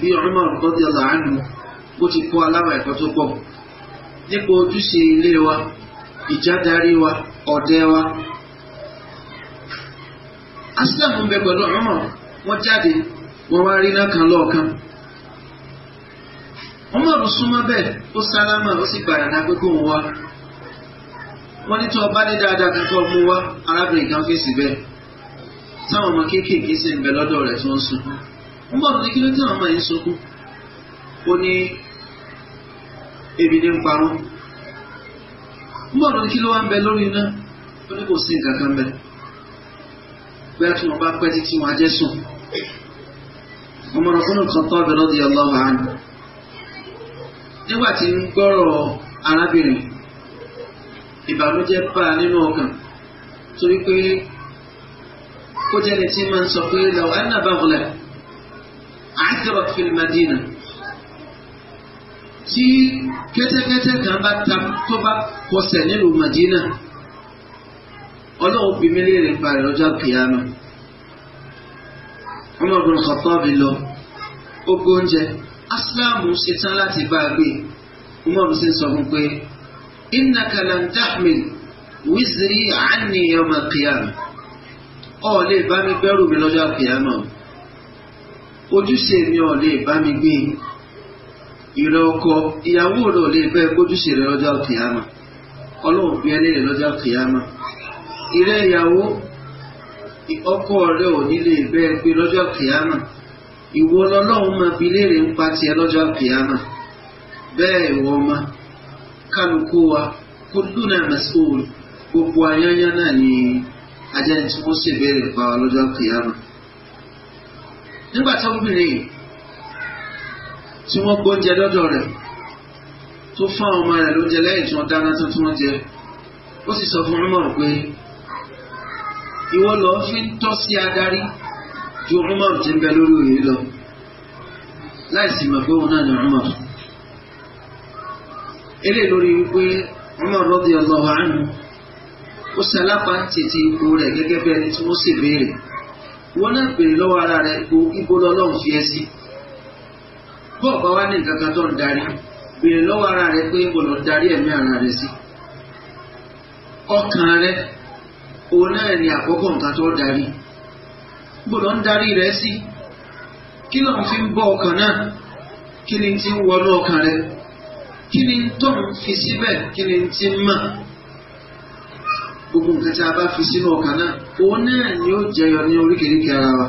bí Umar radiyallahu anhu bó ti kó aláwọ̀ ẹ̀kọ́ tó pọ̀ nípa ojúṣe ilé wa ìjádarí wa ọ̀dẹ wa. asílẹ̀mù ń bẹ pẹ̀lú Umar wọ́n jáde wọ́n wá rí náà kan lọ́ọ̀kan. o súnmọ́ bẹ́ẹ̀ ó sálámà ó sì gbàdá wá. wọ́n ọba ní dáadáa kankan mú wá arábìnrin kan fèsì bẹ́ẹ̀ táwọn ọmọ kéékèèké sì ń bẹ lọ́dọ̀ rẹ̀ tí wọ́n sunkún. mọ́rùn ní kí ló tí àwọn ọmọ yìí sunkún ó ní ebi ní ń parọ́ mọ́rùn ní kí ló wá ń bẹ lórí iná ó ní kò sí nǹkan kan bẹ bẹ́ẹ̀ tí wọ́n bá pẹ́ títí wọn ajẹ́ sùn ọmọ ọ̀gbọ́n kan tọ́ ọ̀bẹ lọ́dí ọlọ́wà á ní nígbà tí ń gbọ́rọ̀ arábìnrin ìbànújẹ́ bá a nínú ọkàn torí pé kó jẹ́ni tí máa ń sọ pé lọ́wọ́ ẹ̀ náà bá wọlé. asirat fil madina tí kẹ́tẹ́kẹ́tẹ́ kan bá ta tó bá madina ọlọ́run bí mílíọ̀nù rẹ̀ parí ọjọ́ kìíyàmù Umar bin Khattab lọ ogbó oúnjẹ asilamu ṣetán láti bá a gbé Umar sì sọ fún pé innaka lan tahmil wizri ojúṣe mi ò lè bá mi gbé ìrẹ ọkọ ìyàwó rẹ ò lè bẹ ojúṣe rẹ lọ́jọ́ kìámà ọlọ́run bí ẹlẹ́rẹ̀ lọ́jọ́ kìámà ìrẹ ìyàwó ọkọ rẹ ò ní lè bẹ pé lọ́jọ́ kìámà ìwọ lọ́lọ́run máa fi léèrè ń pa tiẹ̀ lọ́jọ́ kìámà bẹ́ẹ̀ ìwọ ọmọ kálukú wa kó lúnà mẹ́sàn-án gbogbo ayányá náà ni ajá tí wọ́n ṣèbéèrè pa lọ́jọ́ kìámà nígbà tó ń bìnrin yìí tí wọ́n gbóúnjẹ lọ́dọ̀ rẹ̀ tó fún àwọn ọmọ rẹ̀ lóúnjẹ lẹ́yìn tí wọ́n dáná tán tí wọ́n jẹ ó sì sọ fún Umar pé ìwọ lọ fi ń tọ́ sí adarí ju Umar ti ń bẹ lórí òye lọ láì sì mọ̀ pé òun náà ni Umar eléyìí lórí wípé Umar radiyallahu anhu ó ṣe alápá tètè ipò rẹ̀ gẹ́gẹ́ bí ẹni tí wọ́n sì béèrè wọn náà béèrè lọ́wọ́ ara rẹ ipò ibo lọ́lọ́run fi ẹ́ sí bọ́ọ̀ bá wá ní nǹkan kan tó ń darí béèrè lọ́wọ́ ara rẹ pé ibo lọ́ọ́ darí ẹ̀mí ara rẹ sí ọkàn rẹ òun náà ni àkọ́kọ́ nǹkan tó darí ibo lọ́ọ́ ń darí rẹ sí kí ló ń fi ń bọ́ ọkàn náà kí ni ti ń wọnú ọkàn rẹ kí ni tó ń fi síbẹ̀ kí ni ti ń mọ̀ gbogbo nǹkan tí a bá fi sínú ọkàn náà òun náà ni ó jẹyọ ní oríkèéríkèé ara wa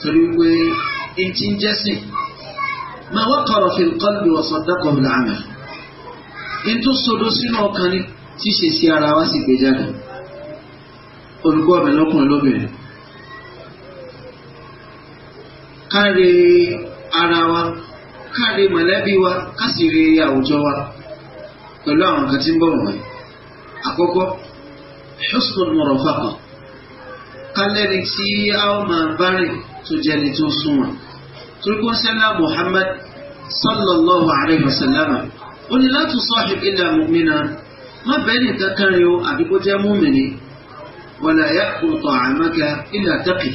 torí wípé etí ń jẹ́sìn máa wọ́n kọ̀rọ̀ fi qalbi wa saddaqa bil amal ní tó sodo sínú ọkàn ni tí sí ara wa sì gbé jáde olùkọ́ ọ̀bẹ lọ́kùnrin lóbìnrin káre ara wa káre mọ̀lẹ́bí wa ká sì rí àwùjọ wa pẹ̀lú àwọn kan tí ń bọ̀ wọ̀nyí àkọ́kọ́ husnul murafaqa kálẹ́ni tí a ó máa bá rìn tó jẹni tó sunwọ̀n turku sẹ́lá Muhammad sallallahu alayhi wa sallam ó ní la tusahib illa mu'mina má bẹ́ẹ̀ nìkan kan rí o àbí kó jẹ́ múmìnì wala ya'kul ta'amaka illa taqi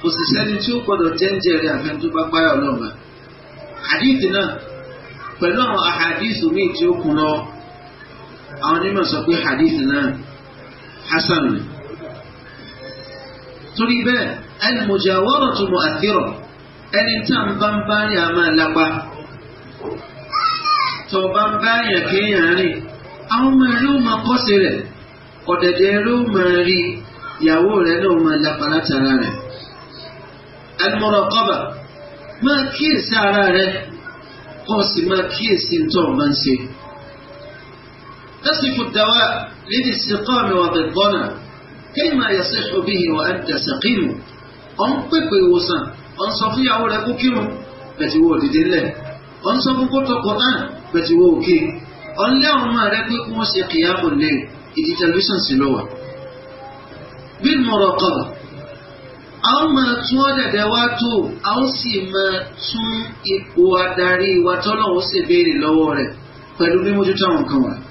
kò sì sẹ́ni tí ó gbọ́dọ̀ jẹ́ǹjẹ́ rẹ̀ àfẹn tó bá páyà ọlọ́ọ̀bà àdìsí náà pẹ̀lú àwọn àhàdìsí míì tí ó kún lọ́wọ́ àwọn onímọ̀ sọ pé hadith náà hasan ni. torí bẹ́ẹ̀ al-mujawaratu mu'athira ẹni tá n bá ń bá rìn àmà lápá tó bá ń bá yàn kéèyàn rìn àwọn ọmọ ẹ̀rí ó máa kọ́sí rẹ̀ ọ̀dẹ̀dẹ̀ ẹ̀rí ó máa rí ìyàwó rẹ̀ náà máa lápá látara rẹ̀. al-muraqaba máa kíyèsí ara rẹ̀ kó máa kíyèsí ntọ́ ọ̀bá ń ṣe. تصف الدواء للاستقامة وضدنا كيما يصح به وأنت سقيم أن طب أنصفي أن صفيع ولا كوكيم بتوو لله أن صف قرط القرآن بتوو كي أن لا ما لك موسى الليل إذا تلبسن سلوى بالمراقبة àwọn máa tún ọ̀dàdà wa tó àwọn sì máa tún ipò adarí wa tọ́lọ́wọ́ sì béèrè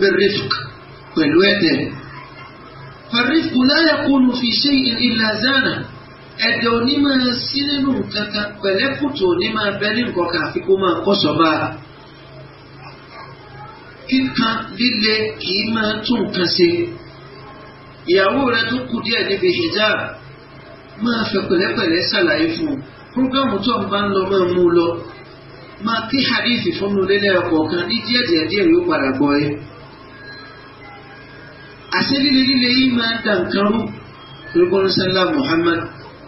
بالرفق والوئن فالرفق لا يكون في شيء إلا زانه ẹ̀dẹ̀ òní máa sí nínú kankan pẹ̀lẹ́kùtù òní máa bẹ ní nǹkan kan àfi kó máa kọ́sọ̀ bá a. kíkan líle kìí máa tún nǹkan ṣe. ìyàwó rẹ tó kù díẹ̀ níbi hijab máa fẹ́ pẹ̀lẹ́pẹ̀lẹ́ ṣàlàyé fún un. púrógámù tó ń bá ń lọ máa mú un lọ. máa kí hadith fún lélẹ̀ ọkọ̀ kan ní díẹ̀díẹ̀ díẹ̀ yóò padà gbọ́ ẹ àṣẹ líle líle yìí máa dà nǹkan rú rúkúrú sálá Muhammad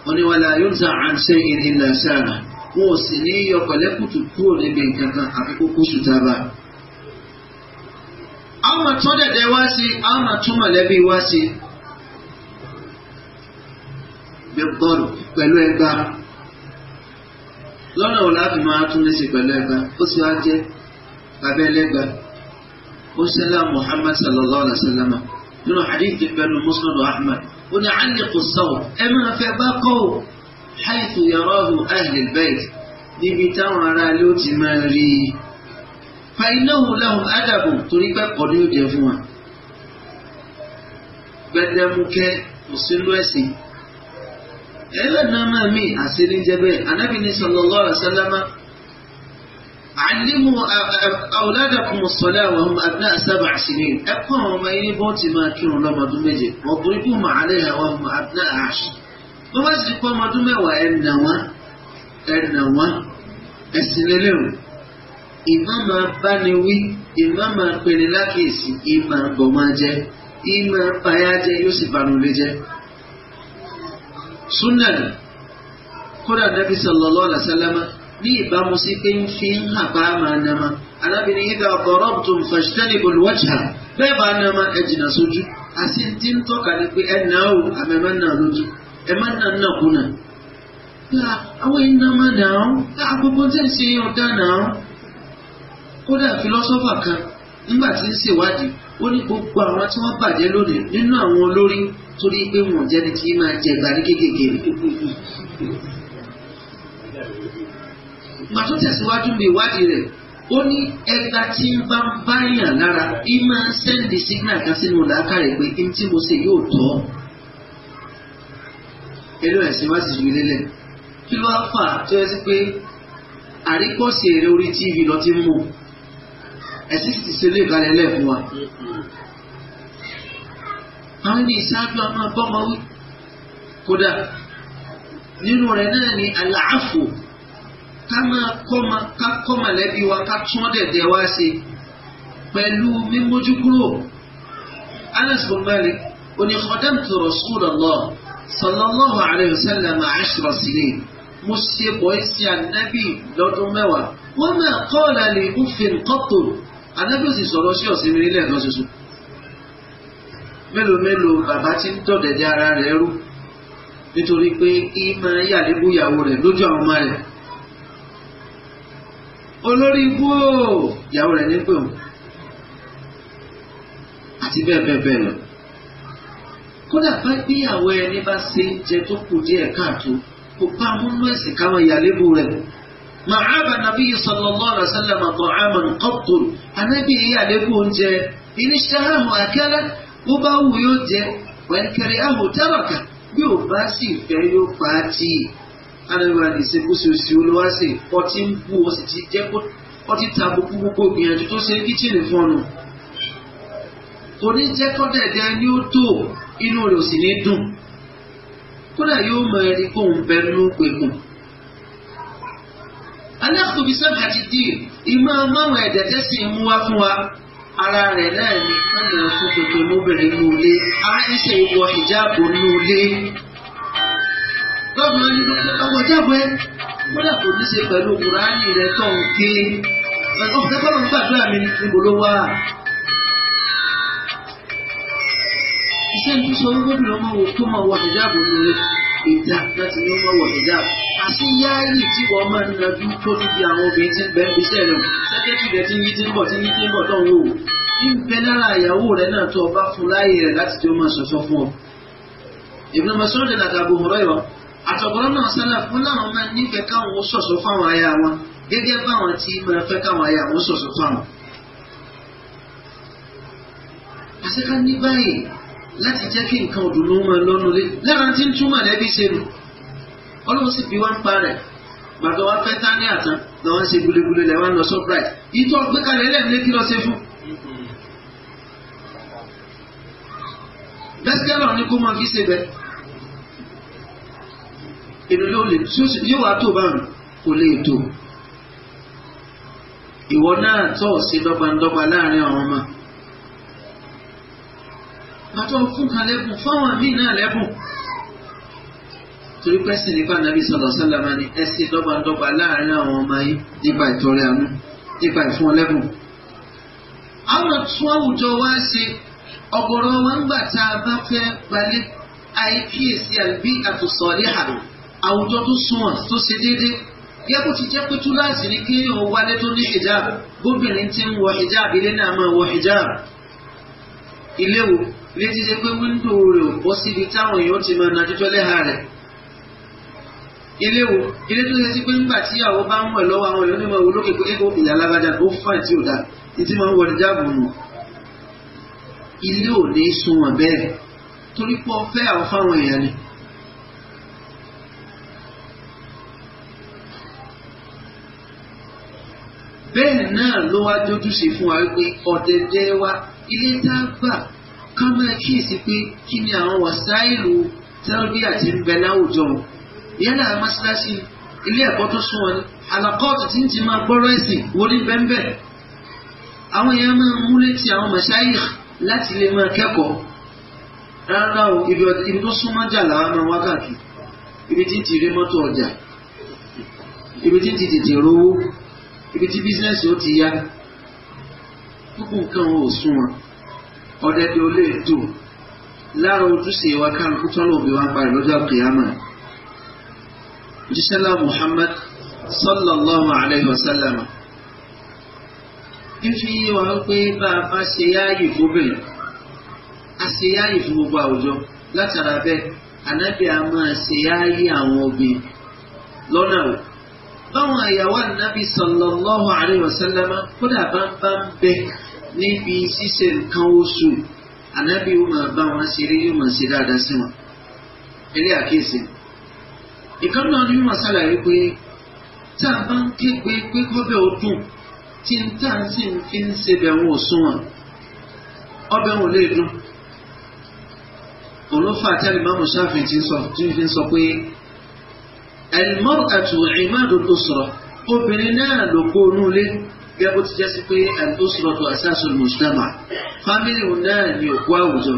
oníwàlá yóò zà án ṣe ìlà sára wọn ò sì ní yọ pẹ̀lẹ́kùtù kúrò níbi nǹkan kan àkókò kó sùtà bá. àwọn máa tọ́ dẹ̀dẹ̀ wá sí àwọn máa tún mọ̀lẹ́bí wá sí. bẹ́ẹ̀bọ́ọ̀lù pẹ̀lú ẹgbàá lọ́nà wo tún lé sí pẹ̀lú ẹgbàá ó sì wá jẹ́ abẹ́lẹ́gbàá ó sẹ́lá Muhammad sallallahu alayhi wa sallam nínú hadith ìbẹ̀nu musnadu ahmed ó ní alẹ́kùn sọ̀rọ̀ ẹ máa fẹ́ bá kọ́ ò haythu yarahu ahlul bayt níbi táwọn ará ilé ó ti máa rí i. fàìnáwó lahum ádàbò torí pé kọ́ ni ó jẹ fún wa. gbẹdẹmukẹ òsínú ẹ̀sìn. ẹlẹ́nàmọ́ mi àṣírí jẹ bẹ́ẹ̀ anábìíní sallallahu alaihi علموا أولادكم الصلاة وهم أبناء سبع سنين أقوم ما ينبوت ما كانوا لما دمجي وضربوهم عليها وهم أبناء عشر وما زلقوا ما دمي وأنوا أنوا أسنلوا إمام بانوي إمام بنلاكيس إمام بوماجة إمام بياجة يوسف بانوليجة سنة كنا النبي صلى الله عليه وسلم ní ìbámu sí pé ń fi ń hàn bá nama arábìnrin yìí dá darabtum fajtanibul wajha bẹ́ẹ̀ bá nama ẹ jìnnà sójú àti tí ń tọ́ka ni pé ẹ nà ó àmì ẹ má nna gbogbo àwọn tí lónìí nínú àwọn olórí torí pé máa jẹ màá tó tẹ̀síwájú mi ìwádìí rẹ̀ ó ní ẹgbà tí ń bá ń báyàn lára í máa ń sẹ́ndì sígínà kan sínú làákàrẹ̀ pé kí n tí mo ṣe yóò tọ́ ẹlò ẹ̀sìn wá sì ju ilé lẹ̀ kí ló wá fà tó yẹ sí pé àríkọ́sí èrè orí tv lọ ti mú ẹ̀sìn sì ṣe lè balẹ̀ lẹ̀ wa. àwọn ní ìṣáájú a máa kódà nínú rẹ̀ náà ni àlàáfò ká máa kọ́mọ ká kọ́mọ lẹ́bí wa ká tún dẹ̀dẹ̀ wá ṣe pẹ̀lú mímójú kúrò. Anas bin Malik oní khadamtu Rasulullah sallallahu alayhi wa sallam ashra sinin mo ṣe bọ̀ ẹ́ sí anabi lọ́dún mẹ́wàá wọ́n máa kọ́ ọ̀la lè mú fin qattu anabi ò sì sọ̀rọ̀ sí ọ̀sìn mi nílẹ̀ lọ́sọ̀ sọ. mélòó mélòó bàbá ti ń tọ̀dẹ̀dẹ̀ ara rẹ̀ rú nítorí pé ìmọ̀ yàlébùyàwó rẹ̀ lójú àwọn ọmọ rẹ̀ olórí ikú o ìyàwó rẹ̀ ní pé o àti bẹ́ẹ̀ bẹ́ẹ̀ bẹ́ẹ̀ lọ. kódà pé bíyàwó ẹni bá ṣe ń jẹ tó kù díẹ̀ káàtó kò pa amúnú ẹ̀sìn káwọn ìyàlébù rẹ̀. màába nàbí sallallahu alaihi wasallam ta'aman qattu anábì ìyàlébù oúnjẹ iníṣẹ́ àhùn akẹ́lẹ́ bó bá wù yóò jẹ wẹ̀nkẹ̀rẹ̀ àhùn tẹ́rọ̀kà bí ò bá sì fẹ́ yóò pa á tì anagba ìṣekúṣe oṣù olúwaṣe ọtí ń bú o sì ti jẹ́ kó ọtí ta gbogbo gbogbo gbìyànjú tó ṣe kíchìnì fún ọnù kò ní jẹ́ kọ́ dẹ̀dẹ̀ ni ó tó inú rẹ̀ ò sì ní dùn kódà yóò mọ ẹni kó ń bẹ nínú pẹ̀kùn. aláàtòbí sábà ti di ìmọ̀ máwọn ẹ̀dẹ̀ tẹ́sí mú wá fún wa ara rẹ̀ náà ni kánà fún tuntun lóbìnrin nínú ilé ara ẹ̀ṣẹ̀ ìwọ ìjáàbò nínú ilé lọ́mọ ọmọ jágbe kódà kò ní ṣe pẹ̀lú kùránì rẹ tó ń ké ọmọ kẹ́kọ̀ọ́ ló ń gbàdúrà mi níbo ló wà. iṣẹ́ ń tún sọ wípé bí wọ́n máa wò tó máa wọ àjábò ní ìdá láti ní wọ́n máa wọ àjábò. àṣeyáyì tí wọ́n máa ń najú tó níbi àwọn obìnrin tí ń bẹ́ẹ̀ bí sẹ́ẹ̀ rẹ̀ sẹ́kẹ́tì rẹ̀ ti ń yí ti ń bọ̀ ti ń yí ti ń bọ̀ tó wò ó. ń bẹ lára ìyàwó rẹ̀ náà tó ọba fún láyè rẹ̀ láti tó máa ṣọ̀ṣọ́ fún ọ. ìbùnà àtọ̀gbọ́n náà sálà fún láwọn máa nífẹ̀ẹ́ káwọn sọ̀sọ̀ fáwọn aya wọn gẹ́gẹ́ báwọn tí máa fẹ́ káwọn aya wọn sọ̀sọ̀ fáwọn. àṣekà ní báyìí láti jẹ́ kí nǹkan òdùnnú máa lọ́nu lé lára tí ń túmọ̀ lẹ́bí ṣe nù ọlọ́run sì bí wá ń pa rẹ̀ gbàgbọ́ wá fẹ́ tání àtàn làwọn ṣe gbolegbole lẹ́wọ́ lọ surprise ìtọ́ gbé kalẹ̀ lẹ́ẹ̀mílẹ́ kí lọ ṣe fún. bẹ́sẹ̀ lọ ni kó máa fi ṣe bẹ́ẹ̀ èrò ló lè yóò wá tó báyìí kò lè tó ìwọ náà tọ̀ sí dọ́gbandọ́gba láàrin àwọn ọmọ pàtó fún kan lẹ́bùn fáwọn míì náà lẹ́bùn torí pẹ́sìn nípa nàbí sọ̀rọ̀ sọ́làmà ni ẹ sí dọ́gbandọ́gba láàrin àwọn ọmọ yìí nípa ìtọrẹ àánú nípa ìfún ọlẹ́bùn. àwọn tún àwùjọ wa ṣe ọ̀gọ̀rọ̀ wa gbà tá a bá fẹ́ gbalẹ̀ àìkíyèsí àbí àtòsọ̀rí àrùn àwùjọ tó sunwọ̀n tó ṣe déédéé yẹ kó ti jẹ́ pé túláàsì ni kéèyàn wálé tó ní hijab gómìnrin ti ń wọ hijab ilé náà máa wọ hijab ilé wo ilé ti ṣe pé wíńdò rẹ̀ ò bọ́ síbi táwọn èèyàn ti máa nàjú tọ́lẹ́hà rẹ̀ ilé wo ilé tó ṣe sí pé nígbà tí ìyàwó bá ń wẹ̀ lọ́wọ́ àwọn èèyàn ní máa wọ lókè pé kó ìyá alágbádá ó fà tí ò dáa ti máa ń wọ hijab nù ilé ò ní sunwọ̀n bẹ́ẹ̀ torí pé ọ fẹ́ àwọn fáwọn èèyàn ni. bẹ́ẹ̀ náà ló wá dójúṣe fún wa wípé ọ̀dẹ̀dẹ̀ wa ilé tá a gbà ká máa kíyèsí pé kí ni àwọn wàsáìlù tẹ́lbíà ti ń bẹ láwùjọ wọn. yálà mọ́ṣáláṣí ilé ẹ̀kọ́ tó sún wọn ni àlàkọ́ọ̀tù tí ń ti máa gbọ́rọ̀ ẹ̀sìn wọlé bẹ́ńbẹ́. àwọn èèyàn máa ń múlé ti àwọn mọ̀ṣáìlì láti lè máa kẹ́kọ̀ọ́. rárá o ibi tó súnmọ́ jà làwọn máa wá káàkiri ibi tí ń ti rí mọ́tò ọjà ibi tí ń ti tètè rówó ibi tí bísíǹsì ó ti yá gbogbo nǹkan wọn ò sún wọn ọ̀dẹ̀dẹ̀ ò lè dùn lára ojúṣe wa kálukú tọ́lọ̀ òbí wa ń parí lọ́jọ́ àkèyàmọ̀ jísẹ́lá Muhammad sallallahu alayhi wa sallam fífi wà pé bá a bá ṣe yáàyè fóbìnrin a ṣe yáàyè fún gbogbo àwùjọ látara bẹ́ẹ̀ anábìá máa ṣe yáàyè àwọn obìnrin lọ́nà òkú báwọn àyàwó ànábì sallallahu alaihi wasallam kódà bá ń bá ń bẹ níbi ṣíṣe nǹkan oṣù ànábì ó máa bá wọn ṣeré yóò máa ṣe dáadáa sí wọn. ilé àkíyèsí ìkan náà ni wọn ṣàlàyé pé tá a bá ń ké pé pé kọ́bẹ̀ ó dùn tí n tá a sì fi ń ṣebẹ̀ wọn ò wọn ọbẹ̀ wọn lè dùn òun ló fà á tẹ́lẹ̀ mọ́mú tí ń sọ pé al-mar'atu imadu al-usra obìnrin náà ló kó nulẹ̀ gẹ́gẹ́ bó ti jẹ́ sí pé al-usratu asasu al-mujtama fámìlì náà ni òkú àwùjọ.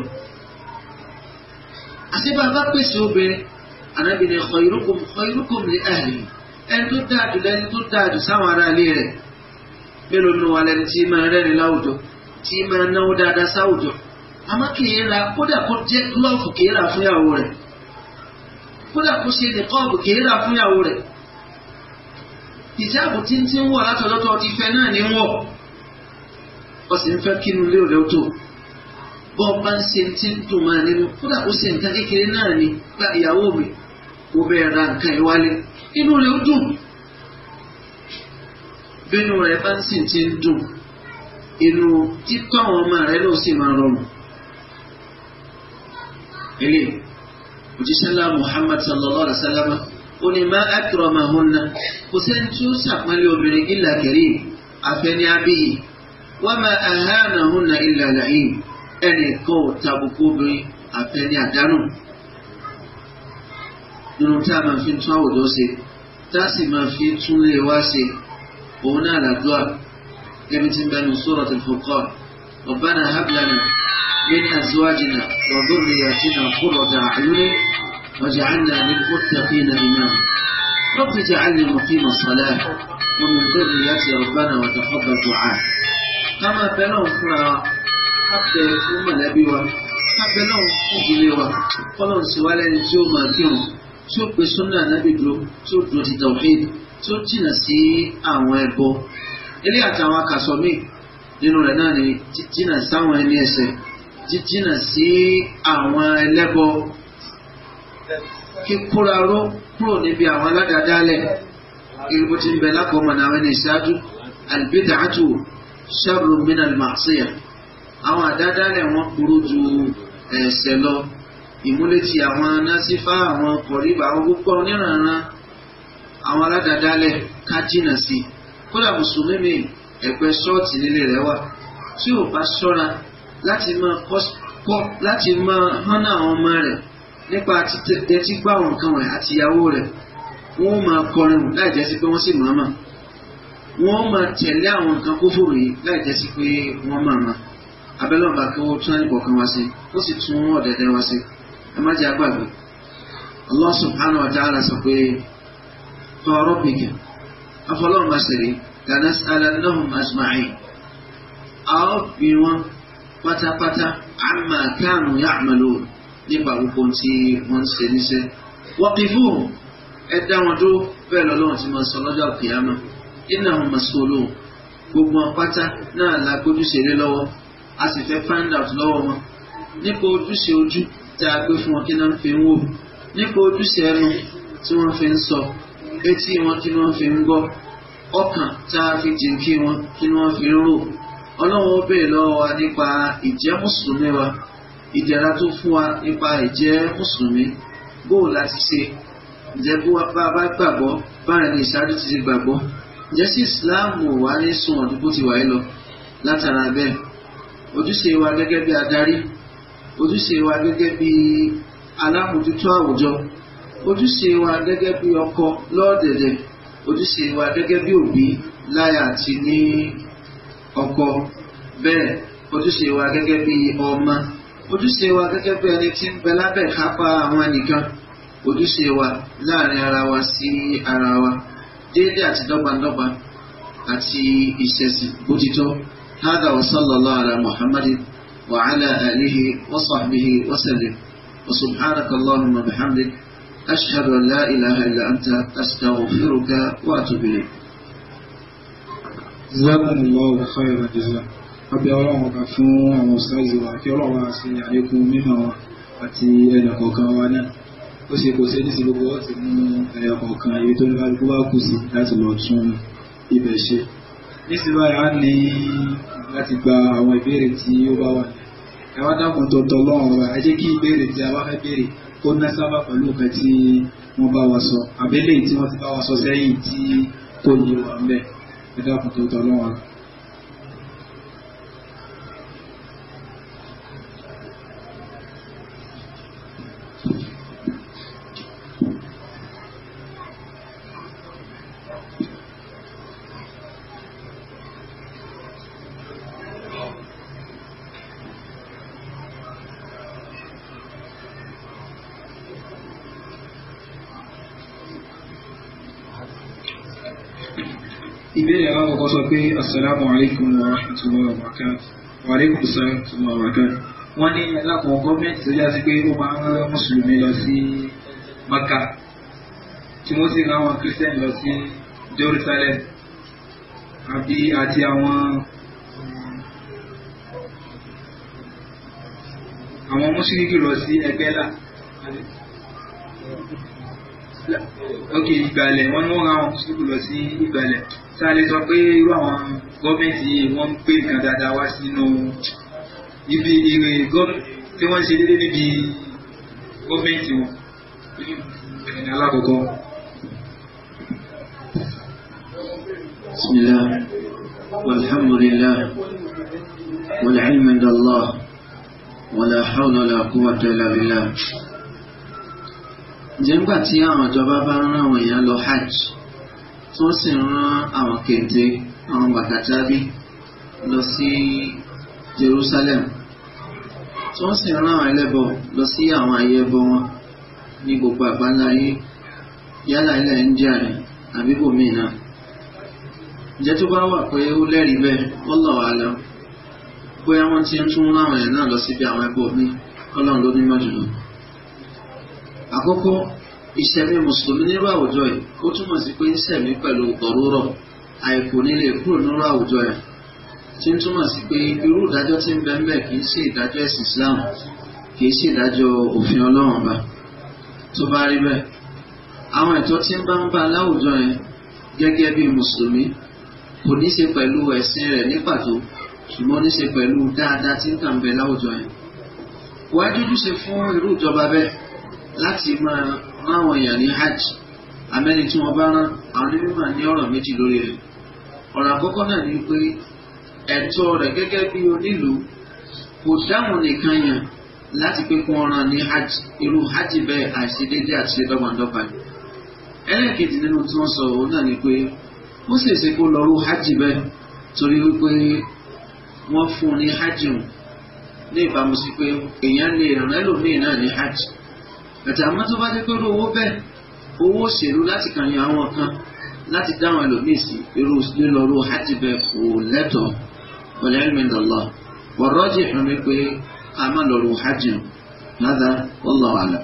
àṣìbá bá pèsè obìnrin arábìnrin khayrukum khayrukum li ahli ẹni tó dáa jù lẹ́ni tó dáa jù sáwọn aráalé rẹ̀ mélòó nù wà lẹ́ni tí máa rẹ́rìn láwùjọ tí máa náwó dáadáa sáwùjọ àmọ́ kì í ra kódà kó jẹ́ lọ́ọ̀fù kì í ra fúnyàwó rẹ̀ kódà kó ṣe nìkọ́ọ̀bù kìí rà fún ìyàwó rẹ̀ ìjáàbù tí ń ti ń wọ̀ látọ̀dọ̀ tó ti fẹ́ náà ní wọ̀ ó sì ń fẹ́ kí inú ilé òde ó tó bọ́ ọ bá ń ṣe ti ń tò máa nínú kódà kó ṣe nǹkan kékeré náà ní gba ìyàwó mi kó bẹ́ẹ̀ ra nǹkan ìwálé inú rẹ̀ ó dùn bínú rẹ̀ bá ń sì ti ń dùn inú títọ́ àwọn ọmọ rẹ̀ ló sì máa rọrùn òjíṣẹ́ ńlá Muhammad sallallahu alaihi wa sallam ó ní má akramahunna kò sẹ́ni tí ó ṣàpọ́nlé obìnrin illa karim àfẹ́ni abíyì wa ma ahanahunna illa la'in ẹnì kan ò tàbùkù obìnrin àfẹ́ni àdánù nínú tá a máa fi tún àwùjọ ṣe tá a sì máa fi tún lè wá ṣe òun náà làdúrà gẹ́gẹ́ tí ń bẹnu suratul Furqan Rabbana hab lana min azwajina wa dhurriyyatina qurrata a'yun. واجعلنا للمتقين إماما رب اجعلني مقيم الصلاة ومن ذريتي ربنا وتقبل دعاء كما بلغ فرع حتى يكون نبي abẹ náà fún ìdílé wa fọlọ́n sì wá lẹ́ni tí ó máa kírun tí ó pe súnà nábì dúró tí ó dúró ti tawhid tí ó jìnà sí àwọn ẹbọ ilé àtàwọn akàsọ míì nínú rẹ̀ náà ni jíjìnà sáwọn ẹni ẹ̀ṣẹ̀ jíjìnà sí àwọn ẹlẹ́bọ kí kóra ró kúrò níbi àwọn aládàádálẹ̀ irú tí ń bẹ lákọ̀ọ́mọ̀ náà ẹni ìṣáájú albid'atu sharrun min al-ma'siyah àwọn àdádálẹ̀ wọn burú ju ẹ̀ṣẹ̀ lọ ìmúlétì àwọn násífà àwọn kọ̀ríbà àwọn púpọ̀ oníranran àwọn aládàádálẹ̀ ká jìnà sí i kódà mùsùlùmí mi ẹ̀pẹ́ ṣọ́ọ̀tì nílé rẹ̀ wà tí ò bá ṣọ́ra láti máa hánà àwọn ọmọ rẹ̀ nípa tẹ́tí gbá àwọn nǹkan rẹ̀ àti ìyàwó rẹ̀ wọ́n máa kọrin láì jẹ́ sí pé wọ́n sì máa mà wọ́n máa tẹ̀lé àwọn nǹkan kófòrò yìí láì jẹ́ sí pé wọ́n máa mà abẹ́lọ́ba kí wọ́n tún ẹnìkọ̀ọ̀kan wá sí ó sì tún ọ̀dẹ̀dẹ̀ wá sí ẹ má jẹ́ agbàgbé Allah subhanahu wa ta'ala sọ pé tọrọ bìkẹ afọlọ́run bá ṣẹlẹ̀ ganas alanahum asma'in àwọn bí wọn pátápátá àmà kánú ya'malun nípa gbogbo tí wọ́n ń ṣe níṣẹ́. waqifuhum ẹ dá wọn dúró bẹ́ẹ̀ lọ́lọ́run ti máa sọ lọ́jọ́ àkìyàmọ́ innahum mas'ulun gbogbo apáta náà la gbójúṣe lé lọ́wọ́ a sì fẹ́ find out lọ́wọ́ wọn nípa ojúṣe ojú tí a gbé fún wọn kí náà fi ń wò nípa ojúṣe ẹnu tí wọ́n fi ń sọ etí wọn kí wọ́n fi ń gbọ́ ọkàn tá a fi jìn wọn kí wọ́n fi ń rò ọlọ́run ó lọ́wọ́ wa nípa ìjẹ́ mùsùlùmí ìdẹ̀ra tó fún wa nípa ìjẹ́ mùsùlùmí bóò láti ṣe ǹjẹ́ bó bá bá gbàgbọ́ báyìí ní ìṣáájú ti ti gbàgbọ́ ǹjẹ́ sí ìsìláàmù wà ní sun ọ̀dúnkù ti wáyé lọ látara bẹ́ẹ̀ ojúṣe wa gẹ́gẹ́ bí adarí ojúṣe wa gẹ́gẹ́ bí alámòjútó àwùjọ ojúṣe wa gẹ́gẹ́ bí ọkọ lọ́ọ̀dẹ̀dẹ̀ ojúṣe wa gẹ́gẹ́ bí òbí láyà àti ní ọkọ bẹ́ẹ̀ ojúṣe wa gẹ́gẹ́ bí ọmọ ojúṣe wa gẹ́gẹ́ bí ẹni tí ń bẹ lábẹ́ kápá àwọn nìkan ojúṣe wa láàrin ara wa sí ara wa déédéé àti dọ́gbandọ́gba àti ìṣẹ̀sì bótítọ́ hádà wa sallallahu ala muhammadin wa ala alihi wa sahbihi wa sallim wa subhanaka allahumma wa bihamdik ashhadu an la ilaha illa anta astaghfiruka wa atubu ilayk. jazakumullahu khairan jazaa abẹ́ ọlọ́run ọba fún àwọn ọ̀sáàzì wa kí ọlọ́run àti àlékún mímọ̀ wa àti ẹnì kọ̀ọ̀kan wa náà ó ṣe kò sí ní ti gbogbo ọ̀tí mú ẹ̀yà kọ̀ọ̀kan èyí tó ní bá gbogbo bá kù sí láti lọ tún ibẹ̀ ṣe nísìnyí báyìí á ní láti gba àwọn ìbéèrè tí ó bá wà ẹ wá dákun tọ̀tọ̀ ọlọ́run ọba ẹ jẹ́ kí ìbéèrè tí a bá fẹ́ béèrè kó ná sábà pẹ̀lú nǹkan tí wọ́n bá wa sọ àbẹ́lẹ̀ tí wọ́n ti bá wa sọ sẹ́yìn tí kò ní wà ń bẹ̀ ẹ dákun tọ̀tọ̀ ọlọ́run ọba. ìbéèrè alákọ̀ọ́kọ́ sọ pé assalamu alaikum wa rahmatullahi wa barakatuh wa alaikum salam wa barakatuh wọ́n ní alákọ̀ọ́ gọ́ọ̀mẹ̀ntì tó jásí pé ó máa ń rán mùsùlùmí lọ sí maka tí wọ́n sì ráwọn christian lọ sí jerusalem àbí àti àwọn àwọn mùsùlùmí lọ sí ẹgbẹ́là ok ìgbàlẹ̀ wọ́n ní wọ́n ráwọn mùsùlùmí lọ sí ìgbàlẹ̀ sáré sọ pé irú àwọn gọ́ọ̀mẹ̀ntì wọ́n ń pè nǹkan dáadáa wá sínú ibi ìwé tí wọ́n ṣe déédéé níbi gọ́ọ̀mẹ̀ntì wọn ní alákọ̀ọ́kọ́. بسم الله والحمد لله والعلم عند الله ولا حول ولا قوة إلا بالله. ǹjẹ́ nígbà tí àwọn ìjọba bá ń rán àwọn èèyàn lọ hajj tó sì lọ Jerusalem tó sì rán àwọn ẹlẹ́bọ lọ sí àwọn ayé ẹbọ wọn ní gbogbo àgbáńlá ayé yálà ilẹ̀ India rẹ̀ àbí bòmíì náà ǹjẹ́ tó bá wà pé ó ti lọ ìṣẹ̀mí mùsùlùmí nírú àwùjọ yìí ó túmọ̀ sí pé ń ṣẹ̀mí pẹ̀lú ọ̀rúrọ̀ àìkú nílé kúrò nírú àwùjọ yìí tí ń túmọ̀ sí pé irú ìdájọ́ tí ń bẹ ń bẹ kì í ṣe ìdájọ́ ẹ̀sìn Islam kì í ṣe ìdájọ́ òfin Ọlọ́run ọba tó bá rí bẹ́ẹ̀ àwọn ẹ̀tọ́ tí ń bá ń bá láwùjọ yẹn gẹ́gẹ́ bí mùsùlùmí kò ní ṣe pẹ̀lú ẹ̀sìn rẹ̀ ní pàtó ṣùgbọ́n ní ṣe pẹ̀lú dáadáa tí ń kàn bẹ láwùjọ yẹn wájú ṣe fún irú ìjọba bẹ́ẹ̀ láti máa ráwọn èèyàn ní hajj amẹ́ni tí wọ́n bá rán àwọn onímọ̀ ní ọ̀rọ̀ méjì lórí rẹ̀ ọ̀rọ̀ àkọ́kọ́ náà ni pé ẹ̀tọ́ rẹ̀ gẹ́gẹ́ bí onílùú kò dáhùn nìkan yàn láti pé kí wọ́n rán ní hajj irú hajj bẹ́ẹ̀ àìṣedéédé àti ṣe dọ́gbandọ́gba ni ẹlẹ́ẹ̀kejì nínú tí wọ́n sọ òun náà ni pé ó sì ṣe kó lọ́rú hajj bẹ́ẹ̀ torí wípé wọ́n fún un ní hajj ní ìbámu sí pé èèyàn lè ràn ẹlòmíì náà ní hajj. àti àmọ́ tó bá jẹ́ pé owó bẹ́ẹ̀ owó òṣèlú láti kàn yan àwọn kan láti dáhùn ẹlòmíì sí irú lílọ irú hajj bẹ́ẹ̀ kò lẹ́tọ̀ọ́ ọ̀lẹ́rìmẹ́dọ̀lọ́ wọ̀rọ́jì fún mi pé a má lọ hajj lọ́dà ọlọ́ àlà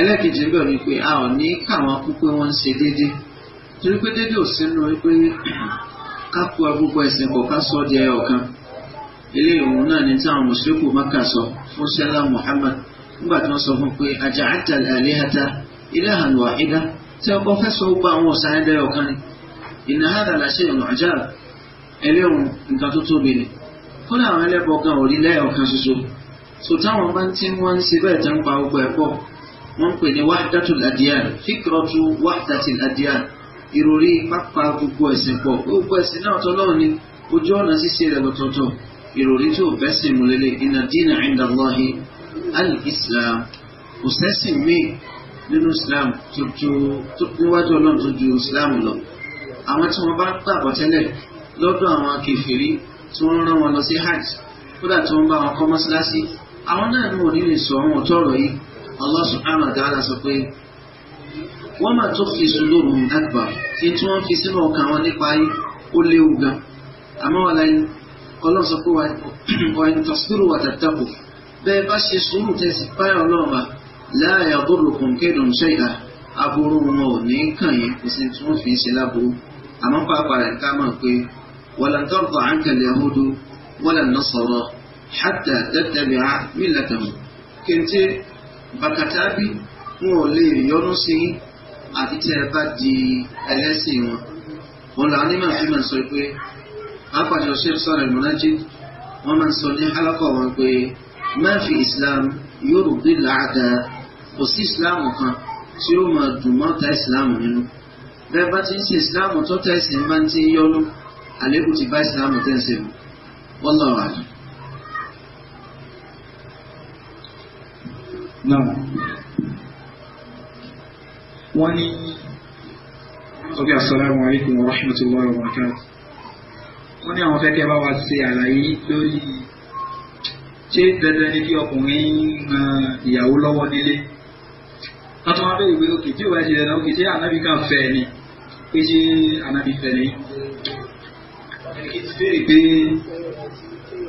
ẹlẹ́kejì ń bẹ̀ a ò ní káwọn wọn ń ṣe torí pé ò sínú pé ká kó agbógbó ẹ̀sìn sọ di ẹyọ eléyìí òun náà ní táwọn mùsùlùmí Muhammad nígbà tí wọ́n sọ fún pé àjà àtàlẹ̀ àléhàtà ilé àhàlù àìdá tí ọkọ̀ fẹ́ sọ gbogbo àwọn ọ̀sán ẹ̀dẹ́rẹ́ ọ̀kan ni ìnà hàdà làṣẹ ìrìn àjà ẹlẹ́run nǹkan tó tóbi ni kódà àwọn ẹlẹ́bọ̀ gan ò rí lẹ́ẹ̀ọ̀kan ṣoṣo so táwọn bá ti wọ́n ń ṣe bẹ́ẹ̀ tẹ́ pa gbogbo ẹ̀ wọ́n ń pè ní wáhdátù adíyàn fíkìrọ́tù wáhdátù adíyàn ìròrí pápá gbogbo ẹ̀sìn pọ̀ gbogbo ẹ̀sìn náà al-islam kò sẹ́sìn míì nínú islam tó níwájú ọlọ́run tó ju islam lọ àwọn tí wọ́n bá gbàgbọ́ tẹ́lẹ̀ lọ́dọ̀ àwọn kèfèrí tí wọ́n rán wọn lọ sí hajj kódà tí wọ́n bá wọn kọ́ mọ́ṣáláṣí àwọn náà ni wọ́n nílè sọ àwọn ọ̀tọ́rọ̀ yìí Allah subhanahu wa ta'ala sọ pé wọ́n máa tó fi sùlóòrù àgbà tí tí wọ́n fi sínú ọkàn wọn nípa ayé ó léwu gan àmọ́ wọn láyé ọlọ́sọ pé wọ́n ń tọ́sírò wà tàbí bẹ́ẹ̀ bá ṣe sùúrù tẹ̀sí páyà ọlọ́run wa láàyè àbúrò kòǹkéèdò ń ṣe ìhà aburú wọn ò ní kàn yín kò sí tí wọ́n fi ń ṣe láburú àmọ́ pàápàá rẹ̀ ká mọ̀ pé wàlà ntọ́rọ̀tọ̀ àǹkàlẹ̀ yahudu wàlà nasọ̀rọ̀ hàtà tẹ́tẹ̀lẹ̀ á mílẹ̀tẹ̀mù kéńté bàkàtàbí wọn ò lè yọnu sí yín ẹ bá di ẹlẹ́sìn wọn. wọn làwọn onímọ̀ fi máa sọ pé pàápàá jọ ṣe sọ̀rọ̀ ìmúnájí wọ́n máa sọ ní alákọ̀ wọn pé máa fi islam yóò rò bí làádá kò sí islam kan tí ó máa dùn mọ́ ta islam nínú bẹ́ẹ̀ bá ti ń ṣe islam tó ta ẹ̀sìn máa ń ti yọnu àlékún ti bá islam tẹ̀ ń ṣe mu wọ́n lọ́rọ̀ àná. náà wọ́n ní ọgbẹ́ assalamu alaikum wa rahmatullahi wa barakatuh wọ́n ní àwọn fẹ́ kẹ́ bá wa ṣe àlàyé lórí ṣé dandan ni kí ọkùnrin ran ìyàwó lọ́wọ́ nílé tọ́tọ́ wọn bẹ́ẹ̀ ìwé òkè tí ò bá ṣe dandan òkè ṣé ànábì kan fẹ́ ni pé ṣé ànábì fẹ́ ni. béèrè pé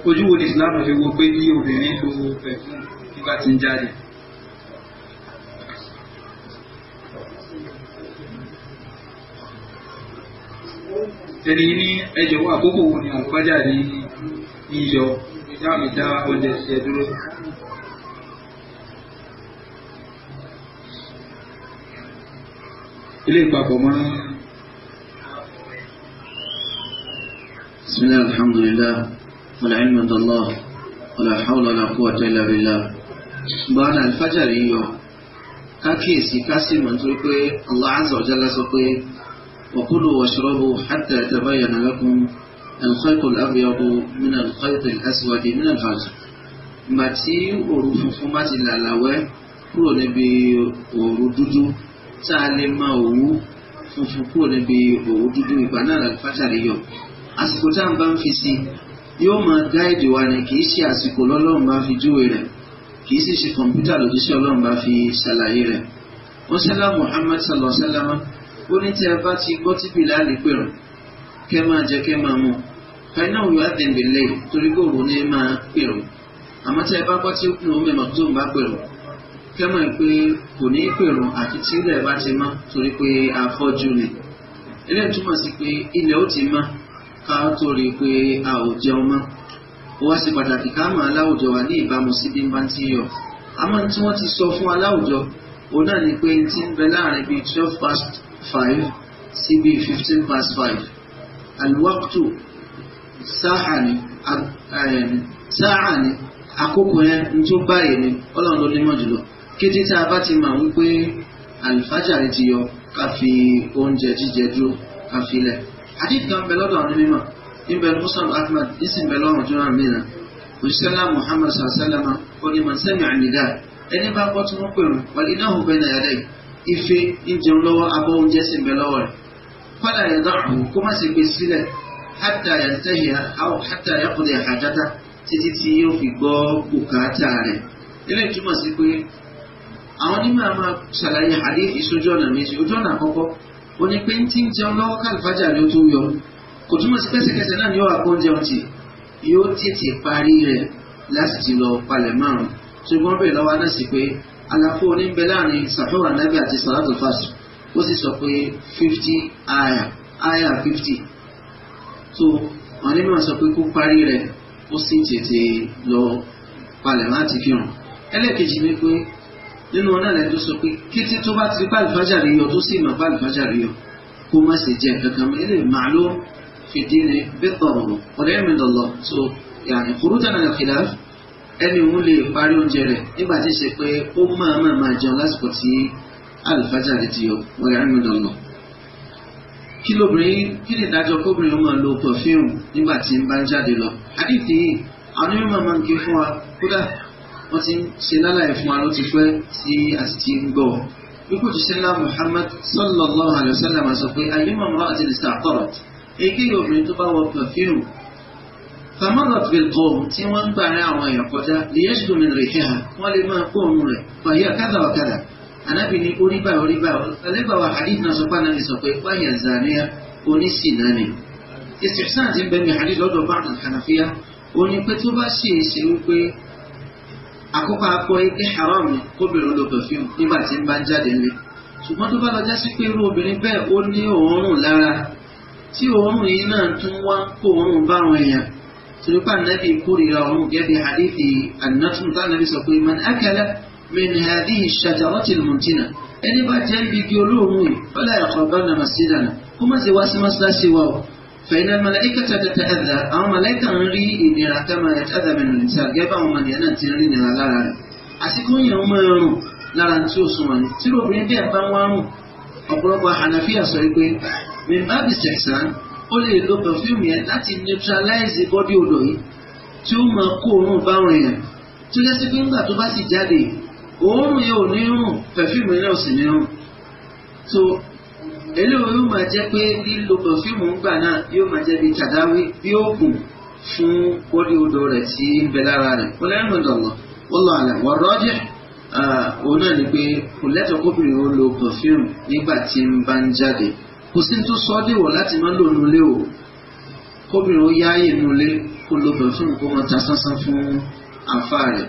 ojú wo ni Islam fi wo pé ní obìnrin lo pẹ̀fún nígbà tí ń jáde. ẹni ní ẹjọ́ àkókò wo ni àlùfájà ní yíyọ láàmì dá oúnjẹ ṣe dúró. ilé ìpapọ̀ máa ń. بسم الله الحمد لله والعلم عند الله ولا حول ولا قوة إلا بالله بعد الفجر يوم kákíyèsí kásìmọ̀ nítorí pé Allah azza wa jalla sọ pé wa kulu washrabu hatta tabayyana lakum الخيط الأبيض من الخيط الأسود من الفجر ìgbà tí òru funfun bá ti làlàwẹ́ kúrò níbi òru dúdú tá a lè mọ òwú funfun kúrò níbi òwú dúdú ìgbà náà làlùfájàrí yọ àsìkò tá à ń bá ń fi sí yóò máa gáìdì wa ni kì í ṣe àsìkò lọ́lọ́run bá fi júwe rẹ̀ kì í sì ṣe kọ̀ǹpútà lòdìsí ọlọ́run bá fi ṣàlàyé rẹ̀ wọ́n sẹ́lá Muhammad sallallahu alaihi wasallam ó ní tí a bá ti gbọ́ tí Bilal pè rẹ̀ kẹ́ máa jẹ kẹ́ máa mú un fẹ́nà òyò àtẹ̀m̀bẹ̀lẹ̀ torí kò rò ní máa pèrò àmọ́ tí ẹ bá gbọ́ tí ó kùn omi màtó ń bá pèrò kẹ́mọ̀ pé kò ní pèrò àti tí ilẹ̀ bá ti mọ́ torí pé afọ́jú ni ilé túmọ̀ ti a ò jẹun mọ́ ó wá sí pàtàkì ká mọ̀ aláwùjọ wa ní ìbámu sí bí n bá ti yọ àmọ́ tí wọ́n ti sọ fún aláwùjọ òun náà ni pé ti ń bẹ láàrin bíi twelve past five sí bíi fifteen past five àlùwàkùtù sáà ni sáà ni yẹn ń tó báyìí ni ọlọ́run ló nímọ̀ jùlọ kété tá a bá ti mọ̀ ti yọ ká fi oúnjẹ jíjẹ dúró ká fi lẹ̀ àdìgbà kan bẹ lọ́dọ̀ àwọn onímọ̀ níbẹ̀ musa ahmed nísìn bẹ lọ́rùn tó rà mìíràn òṣìṣẹ́lá sàlámà onímọ̀ sẹ́mi àmìdá ẹni bá gbọ́ tí wọ́n pè ife ń jẹun lọ́wọ́ abọ́ oúnjẹ sì ń bẹ lọ́wọ́ rẹ̀ yẹn dáhùn kó حتى ينتهي أو حتى يقضي àjàtà títí tí yóò fi gbọ́ bùkátà rẹ̀ eléyìí túmọ̀ sí pé àwọn onímọ̀ àmọ́ ṣàlàyé àdéhìí sójú ọ̀nà méjì ojú ọ̀nà àkọ́kọ́ ó ní pé tí ń jẹun lọ́wọ́ kálífàjà ni ó tó yọ kò túmọ̀ sí pẹ́sẹ̀kẹsẹ̀ náà ni yóò àkó jẹun tì yóò tètè parí rẹ̀ láti ti lọ palẹ̀ márùn ṣùgbọ́n bẹ́ẹ̀ lọ́wọ́ náà sì pé àlàfo oníbẹ̀ láàrin sàfẹ́wà so wọn nínú àṣọ pé kó parí rẹ̀ ó sì tètè lọ palẹ̀ láti fi hàn ẹlẹ́ẹ̀kejì ni pé nínú wọn náà lẹ́nu tó sọ pé kété tó bá ti rí pàlùfájà rí yọ tó sì mọ̀ pàlùfájà rí yọ kó má ṣe jẹ kankan mọ́ ilé màálù fìdí ni bí ọ̀rọ̀ ọ̀rẹ́ mi lọ́lọ́ so yàrá kúrútà náà kìlá ẹni òun lè parí oúnjẹ rẹ̀ nígbà tí ì ṣe pé ó máa máa máa jẹun lásìkò tí àlùfájà rí ti yọ ọ̀rẹ́ mi lọ́lọ́ kí lóbìnrin kí lè dájọ́ kóbìnrin máa lo perfume nígbà tí ń bá ń jáde lọ àdìtì yìí àwọn onímọ̀ máa ń ké fún wa kódà wọ́n ti ń ṣe lálàyé fún wa ló ti pẹ́ tí a sì ti ń gbọ́ wípé òṣìṣẹ́ ńlá Muhammad sallallahu alayhi wa sallam sọ pé ayyuma imra'atin ista'tarat èyíkéyìí obìnrin tó bá wọ perfume famarat bil qawm tí wọ́n ń gbà rẹ àwọn èèyàn kọjá liyashdu min rihiha wọ́n lè máa kó òun rẹ̀ fàyà kádà wà anábì ní orí báyìí orí báyìí ọ̀lẹ́gbà wa hadith náà sọ pé anábì sọ pé wáyà zaria oníṣìnà ni ìsìnkú àti bẹ́ẹ̀ni hadith lọ́dọ̀ bá àlùkànàfíà ó ní pé tó bá ṣe é ṣe wípé àkọ́kọ́ akọ ike haram ni kóbìnrin lo perfume nígbà tí ń bá ń jáde lé ṣùgbọ́n tó bá lọ jásí pé irú obìnrin bẹ́ẹ̀ ó ní òórùn lára tí òórùn yìí náà tún wá kó òórùn bá àwọn èèyàn tìrúpà nàbì kórìíra òórùn gẹ́gẹ́ bí hadithi anatun tá nàbì sọ pé man akala min hadhihi shajarati al-muntina ẹni bá jẹ́ ibi igi olóòórùn yìí fala yaqrabanna masjidana kó má ṣe wá sí mọ́ṣáláṣí wa o fa inna al-mala'ikata tata'adha àwọn mọ̀lẹ́kà ń rí ìnira kama yata'adha min al-insan gẹ́gẹ́ bá àwọn mọ̀lẹ́yà náà ti rí ìnira lára rẹ̀ àsìkò yẹn ń mọ ẹrùn lára tí ó sunwọ̀n ni tí obìnrin bí ẹ̀bá wọn rùn ọ̀pọ̀lọpọ̀ ànàfíà sọ pé mẹ́mbàbí sẹ̀sán ó lè lo perfume yẹn láti neutralize body odor yìí tí ó máa kó òórùn bá wọn yẹn tó yẹ sí pé ńgbà tó bá sì jáde yìí òórùn yẹn ò ní rùn pẹ̀fíìmù yẹn ò sì ní rùn so eléyìí yóò máa jẹ́ pé lílo pẹ̀fíìmù ńgbà náà yóò máa jẹ́ bí tàdáwí bí oògùn fún bọ́dí odò rẹ̀ tí ń bẹ lára rẹ̀ kó lẹ́nu ìdọ̀lọ́ wọ́lọ́ àlẹ́ wọ́rọ́dẹ̀ òun náà ni pé kò lẹ́tọ̀ọ́ kóbìnrin ó lo pẹ̀fíìmù nígbà tí ń bá ń jáde kò sí tó sọ ọ́ láti má lò nulẹ̀ o kóbìnrin ó yáàyè nulẹ̀ kó lo pẹ̀fíìmù kó máa ta sánsán fún àǹfààní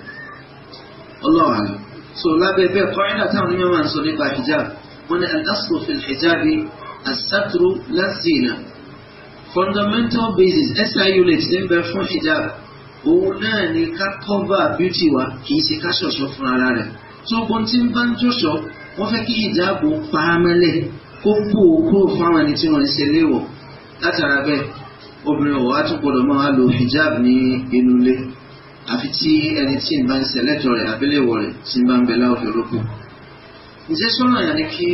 ọlọ́ọ̀hàn so lábẹ́ bẹ́ẹ̀ kọ́ńdà táwọn onímọ̀ máa ń sọ nípa hijab wọ́n ní al-aslu fil hijabi as-satru laz-zina fundamental basis siulet ní bẹ fún hijab òun náà ni ká cover beauty wa kì í ṣe ká ṣọ̀ṣọ́ fún ara rẹ̀ tó gbọ́n tí ń bá ń jọ̀ṣọ́ wọ́n fẹ́ kí hijab pa á mẹ́lẹ̀ kó bò ó kúrò fáwọn ẹni tí wọ́n ṣe léèwọ̀ látara bẹ́ẹ̀ obìnrin ò tún gbọ́dọ̀ máa lo hijab ní inú ilé àfi tí ẹni tí ń bá ń sẹlẹ́tọ̀ rẹ̀ abẹ́lẹ̀wọ̀ rẹ̀ tí ń bá ń bẹ láwùjọ lóko. ǹjẹ́ sọ́nà yà ni kí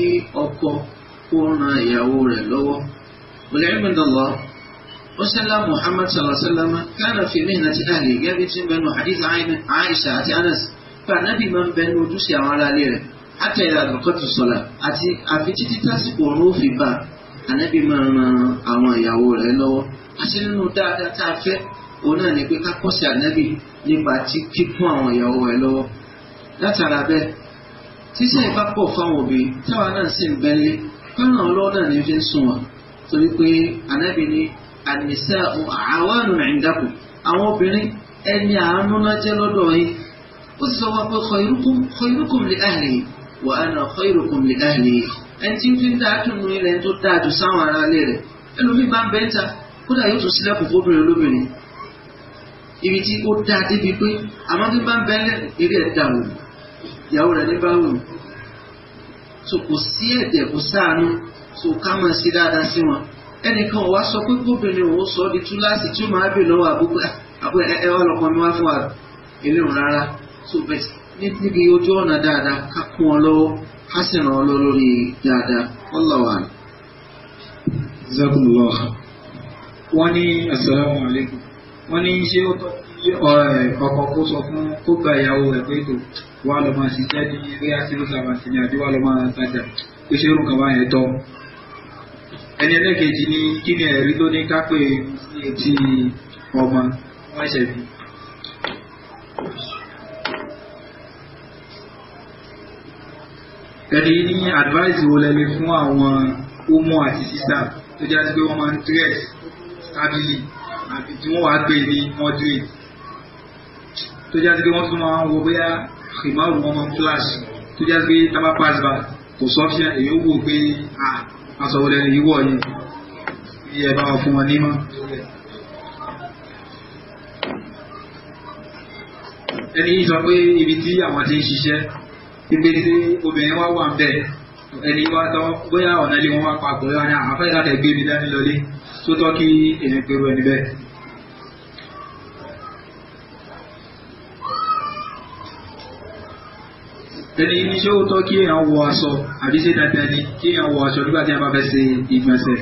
ọkọ kó ran ìyàwó rẹ̀ lọ́wọ́. Bùlẹ́ẹ̀mí dọ̀lọ́ ó sẹ́lá Mùhàmmad sàlọ́sẹ́lámà káàdà fi mí ìnà tí àlè tí ń bẹnu àdìs Aisha àti Anas fànàbì máa ń bẹnu ojúṣe àwọn aráalé rẹ̀ àtẹ̀yà àdùkọ́tù sọ̀là àti àfi títí tásìkò òun ó fi bá ànábì máa ran àwọn ìyàwó rẹ̀ lọ́wọ́ àti nínú dáadáa tá a fẹ́ òun náà ni pé ká kọ́ sí ànábì nípa tí kíkún àwọn ìyàwó ẹ lọ́wọ́ látara bẹ́ẹ̀ títí ẹ̀ bá pọ̀ fáwọn òbí táwa náà sì ń bẹ́lẹ́ fẹ́ràn ọlọ́wọ́ náà ní fi ń sùn wọn torí pé ànábì ní àníṣe àwọn àrùn ìdákùn àwọn obìnrin ẹni àánú lọ́dọ̀ yìí ó ti sọ wá pé khairukum khairukum li ahli wa ana khairukum li ahli ẹni tí ń fi ń dáa dùn ilẹ̀ tó dáa jù sáwọn aráalé rẹ̀ ẹlòmíì bá ń bẹ́ńtà kódà yóò tún sílẹ̀kùn fóbìnrin olóbìnrin ibiti tí ó dáa débi pé àmọ́ tó bá ń bẹ́lẹ̀ eré ẹ̀dá wò ìyàwó rẹ̀ ní bá wò so kò sí kò sáànù so ká máa si dáadáa sí wọn ẹnìkan wá sọ pé gómìnà òun sọ di túláàsì tí o máa bè lọ́wọ́ àbúkù ah, àbúkù ẹ ọlọ́kan mi wá fún wa rárá so bẹ́ẹ̀ níbi ojú wọ́n ní ṣé ọkọ̀ kó sọ fún kó gba ìyàwó rẹ̀ pé kò wá lọ máa ṣiṣẹ́ ní ilé àtìlú sàmàtì ní àbí wá lọ máa tajà pé ṣé orúkọ bá yẹn tọ́. ẹni ẹlẹ́kejì ní kí ni ẹ̀rí tó ní kápẹ́ ti ọmọ wọ́n ṣẹ̀ bí. ẹni ní advice wo lẹ lè fún àwọn ọmọ àti sísá tó jásí pé wọ́n máa ń stress stabili àbí tí wọ́n wá gbé e ní mọ́dúrì tó jáde pé wọ́n tún máa ń wo bóyá ìmáàrún wọn flash tó jáde pé tábà pass by kò sọ fún yàn èyí ó wò pé à àsọ̀wọlẹ̀ ni ìwọ yìí ní ẹ̀ bá wọn fún wọn ní mọ́. ẹni yìí sọ pé ibi tí àwọn ti ń ṣiṣẹ́ ibi tí obìnrin wá wà ń bẹ̀ ẹni wá tọ́ bóyá ọ̀nà ilé wọn wá papọ̀ yọ ní àfẹ́ ìdájọ́ ìgbé mi dání lọlé sótọ́ kí èyàn gbèrú ẹni bẹ́ẹ̀ ẹni ní ṣé ó tọ́ kí èyàn wọ aṣọ àbí ṣé dandan ni kí èyàn wọ aṣọ nígbà tí a bá fẹ́ ṣe ìgbọ̀nsẹ̀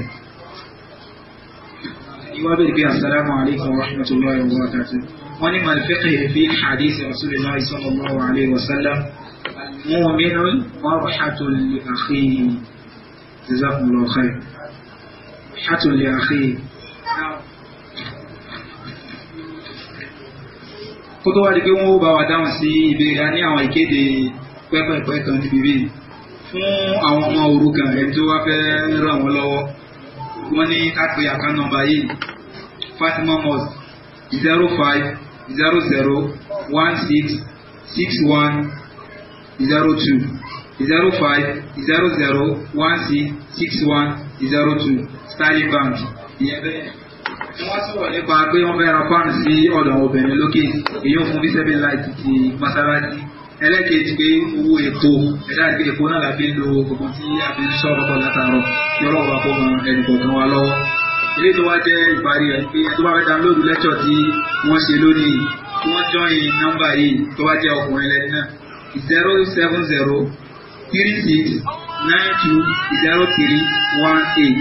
ìwà bẹ̀rẹ̀ pé assalamu alaikum wa rahmatullahi wa barakatuh wọ́n ní malfiqi fi hadith rasulillah sallallahu alaihi wa sallam al-mu'minu marhatul li akhihi jazakumullahu khairan صحة لأخيه kó tó wá di pé wọ́n ó bá wa dáhùn sí ìbéèrè a ní àwọn ìkéde pẹ́pẹ́pẹ́ kan níbi bíi fún àwọn ọmọ òrukàn ẹni tó wá fẹ́ ràn wọ́n lọ́wọ́ wọ́n ní ká pe àkáǹtì yìí Fatima Mosque zero five zero zero one six six one zero two zero five zero zero one six six one zero two stanley bank ìyẹn bẹ́ẹ̀ wọ́n sọ̀rọ̀ nípa pé wọ́n fẹ́ pan sí ọ̀dọ̀ obìnrin lókè èyí fún bí seven ti mọ́sálásí ẹlẹ́kẹ̀ẹ́jì pé owó epo ẹ̀dá ìgbé epo náà láti lo gbogbo tí a fi sọ ọkọ̀ látàárọ̀ yọ̀rọ̀ wà fún ẹnìkọ̀ọ̀kan wa lọ́wọ́ ilé tó wá jẹ́ ìparí rẹ̀ pé tó bá fẹ́ download lecture tí wọ́n ṣe lónìí wọ́n join nọ́mbà yìí tó bá jẹ́ ọkùnrin lẹ́ni náà zero seven zero three six nine two zero three one eight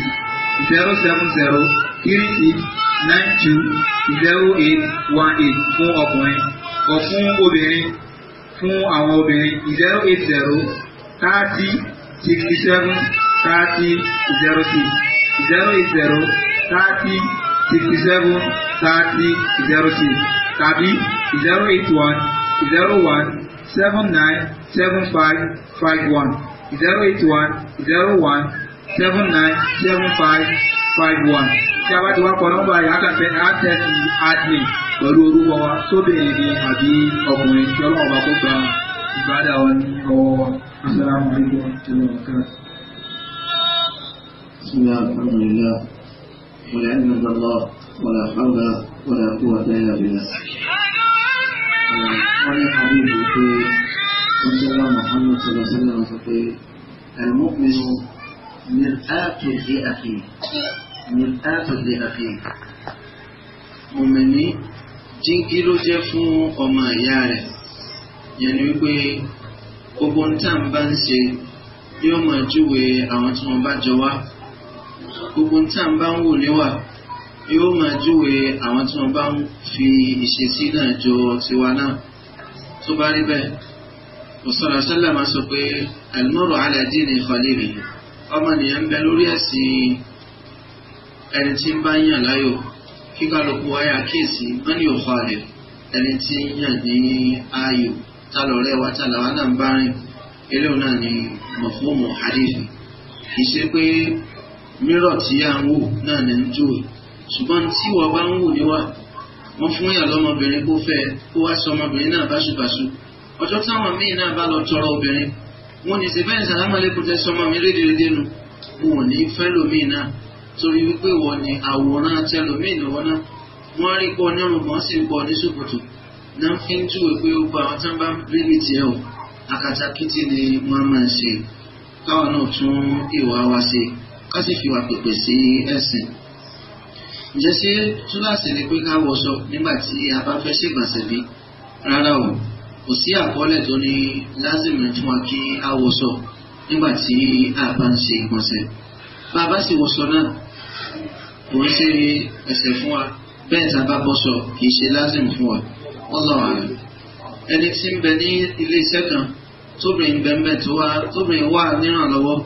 zero seven zero three six nine two zero eight one eight fún ọkùnrin ọ̀ fún obìnrin fún àwọn obìnrin zero eight zero thirty sixty seven thirty zero six zero eight zero thirty sixty seven thirty zero six tàbí zero eight one zero one. Seven 081 01 797551 tí a bá ti wá kọ nọ́mbà yìí àkàtẹ àtẹsí admin pẹ̀lú orúkọ wa sóbìnrin ni àbí ọkùnrin tí ọlọ́run bá kó gba ìbádà wọn ní ọwọ́ wa asalaamu alaykum wa rahmatulah. بسم الله الحمد لله والعلم بالله ولا حول ولا قوة إلا بالله wọ́n ní àbíyèsí pé wọ́n ti lọ́nà ọ̀hánà sọ̀rọ̀ sílẹ̀ wọn sọ pé ẹ̀rọmọ́pinnu ní àtòdé àfi ní àtòdé àfi mọ̀mẹ́ni jíngí ló jẹ́ fún ọmọ ìyá rẹ̀ yẹn ni wípé gbogbo ń tà ń bá ń ṣe yóò máa júwe àwọn tí wọ́n bá jọ wá yóò máa júwe àwọn tí wọ́n bá ń fi ìṣesí náà jọ tiwa náà tó bá rí bẹ́ẹ̀ òsàlà sálà máa sọ pé àlùmọ́rọ̀ aládé ní ìfọ̀lẹ́rì ọmọnìyàn ń bẹ lórí ẹ̀sìn ẹni tí ń bá yàn láyò kíkálukú wáyà kéèsì wọ́n ní òkú àlè ẹni tí ń yàn ní ayò tálọ̀rẹ́ wa tálàwá náà ń bá rìn eléyìí náà ni mọ̀fóòmù àdéhùn kì í ṣe pé mírọ̀ tí à ń wò náà ní ń júwe ṣùgbọ́n tí wọ́n bá ń wò níwà wọ́n fún yà lọ́mọbìnrin kó fẹ́ kó wá sọ ọmọbìnrin náà báṣubàṣu ọjọ́ táwọn míì náà bá lọ tọrọ obìnrin wọn ní sèbẹ́ ní sàlámà lẹ́kùn tẹ sọmọ mi rédèrèdè nu wọn ò ní fẹ́ lòmíì náà torí wípé wọ́n ní àwòrán tẹ lòmíì lọ́wọ́ náà wọ́n rí pọ̀ nírun kan sì ń pọ̀ ní ṣòkòtò náà fi ń júwe pé ó gba àwọn tán bá rí ní tiẹ̀ o àkàtàkìtì ni wọ́n máa ṣe káwọn náà tún ìwà wa ṣe ká sì fi wà pèpè sí ẹ̀sìn ǹjẹ́ ṣé túláàsì ni pé ká wọṣọ nígbà tí a bá fẹ́ ṣègbọ̀nsẹ̀ bí rárá o kò sí àkọọ́lẹ̀ tó ní lázìmì fún wa kí a wọṣọ nígbà tí a bá ń ṣe ìgbọ̀nsẹ̀ bá a bá sì wọṣọ náà kò ń ṣe ẹsẹ̀ fún wa bẹ́ẹ̀ tá a bá bọ́ṣọ kì í ṣe lázìmì fún wa Wallahu a'lam ẹni tí ń bẹ ní ilé iṣẹ́ kan tóbìnrin bẹ́ẹ̀ tó wá tóbìnrin wà nírànlọ́wọ́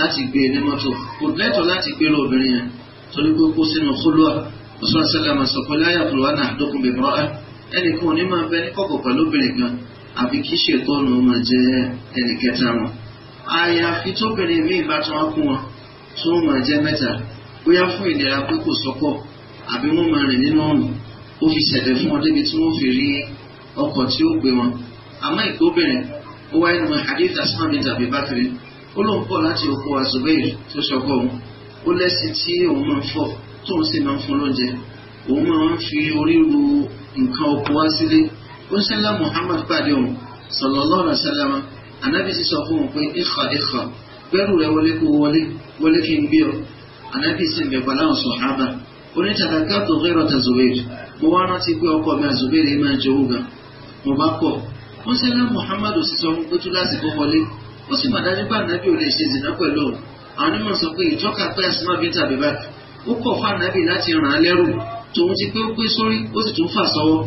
láti gbé e ní mọ́tò kò lẹ́tọ̀ọ́ láti gbé e lóbìnrin yẹn torí pé kó sínú kólúà ọ̀sán sálámà sọ pé láyà kúrò wá náà dókun bẹ̀rẹ̀ rọ́à ẹnì kan ò ní máa bẹ ní kọ̀kọ̀ pẹ̀lú obìnrin kan àbí kí ṣètò ọ̀nà ọmọ jẹ́ ẹnì kẹta wọn. àyàfi tóbìnrin míì bá tún wá kún wọn tó wọn máa jẹ́ mẹ́ta bóyá fún ìlera pé kò sọ́kọ̀ àbí wọ́n máa rìn nínú ọ̀run ó fi ṣẹ̀dẹ̀ fún wọn débi tí wọ́n fi rí ọkọ̀ tí ó gbé wọn. àmọ́ ìkóbìnrin ó wáyé nínú hadith asmami tàbí bákiri ó lóun pọ̀ láti òkú azubair tó ṣọkọ̀ wọn ó lẹ́sìn tí òun máa ń fọ̀ tóun sì máa ń fún lóúnjẹ òun máa ń fi orí ru nǹkan oko wá sílé ó ń sẹ́lá Muhammad pàdé òun sallallahu alaihi wasallam ànábì sì sọ fún òun pé ìkà ìkà gbẹ́rù rẹ wọlé kó wọlé wọlé kí n gbé ọ ànábì sì ń bẹ̀ pàlà àwọn sọ̀hábà onítàlá gàtò rẹ́rọ̀ tà Zubair mo wá rántí pé ọkọ mi àzùbẹ́r máa jẹ owó gan mo bá kọ̀ ó sẹ́lá Muhammad sì sọ fún pé túláàsì kó wọlé ó sì mà dájú pé ànábì ò lè ṣe zìnà pẹ̀lú òun àwọn onímọ̀ sọ pé ìtọ́ka pé Asma bint Abi Bakr ó kọ̀ fún ànábì láti ràn án lẹ́rù tòun ti pé ó pé sórí ó sì tún fà sọ́wọ́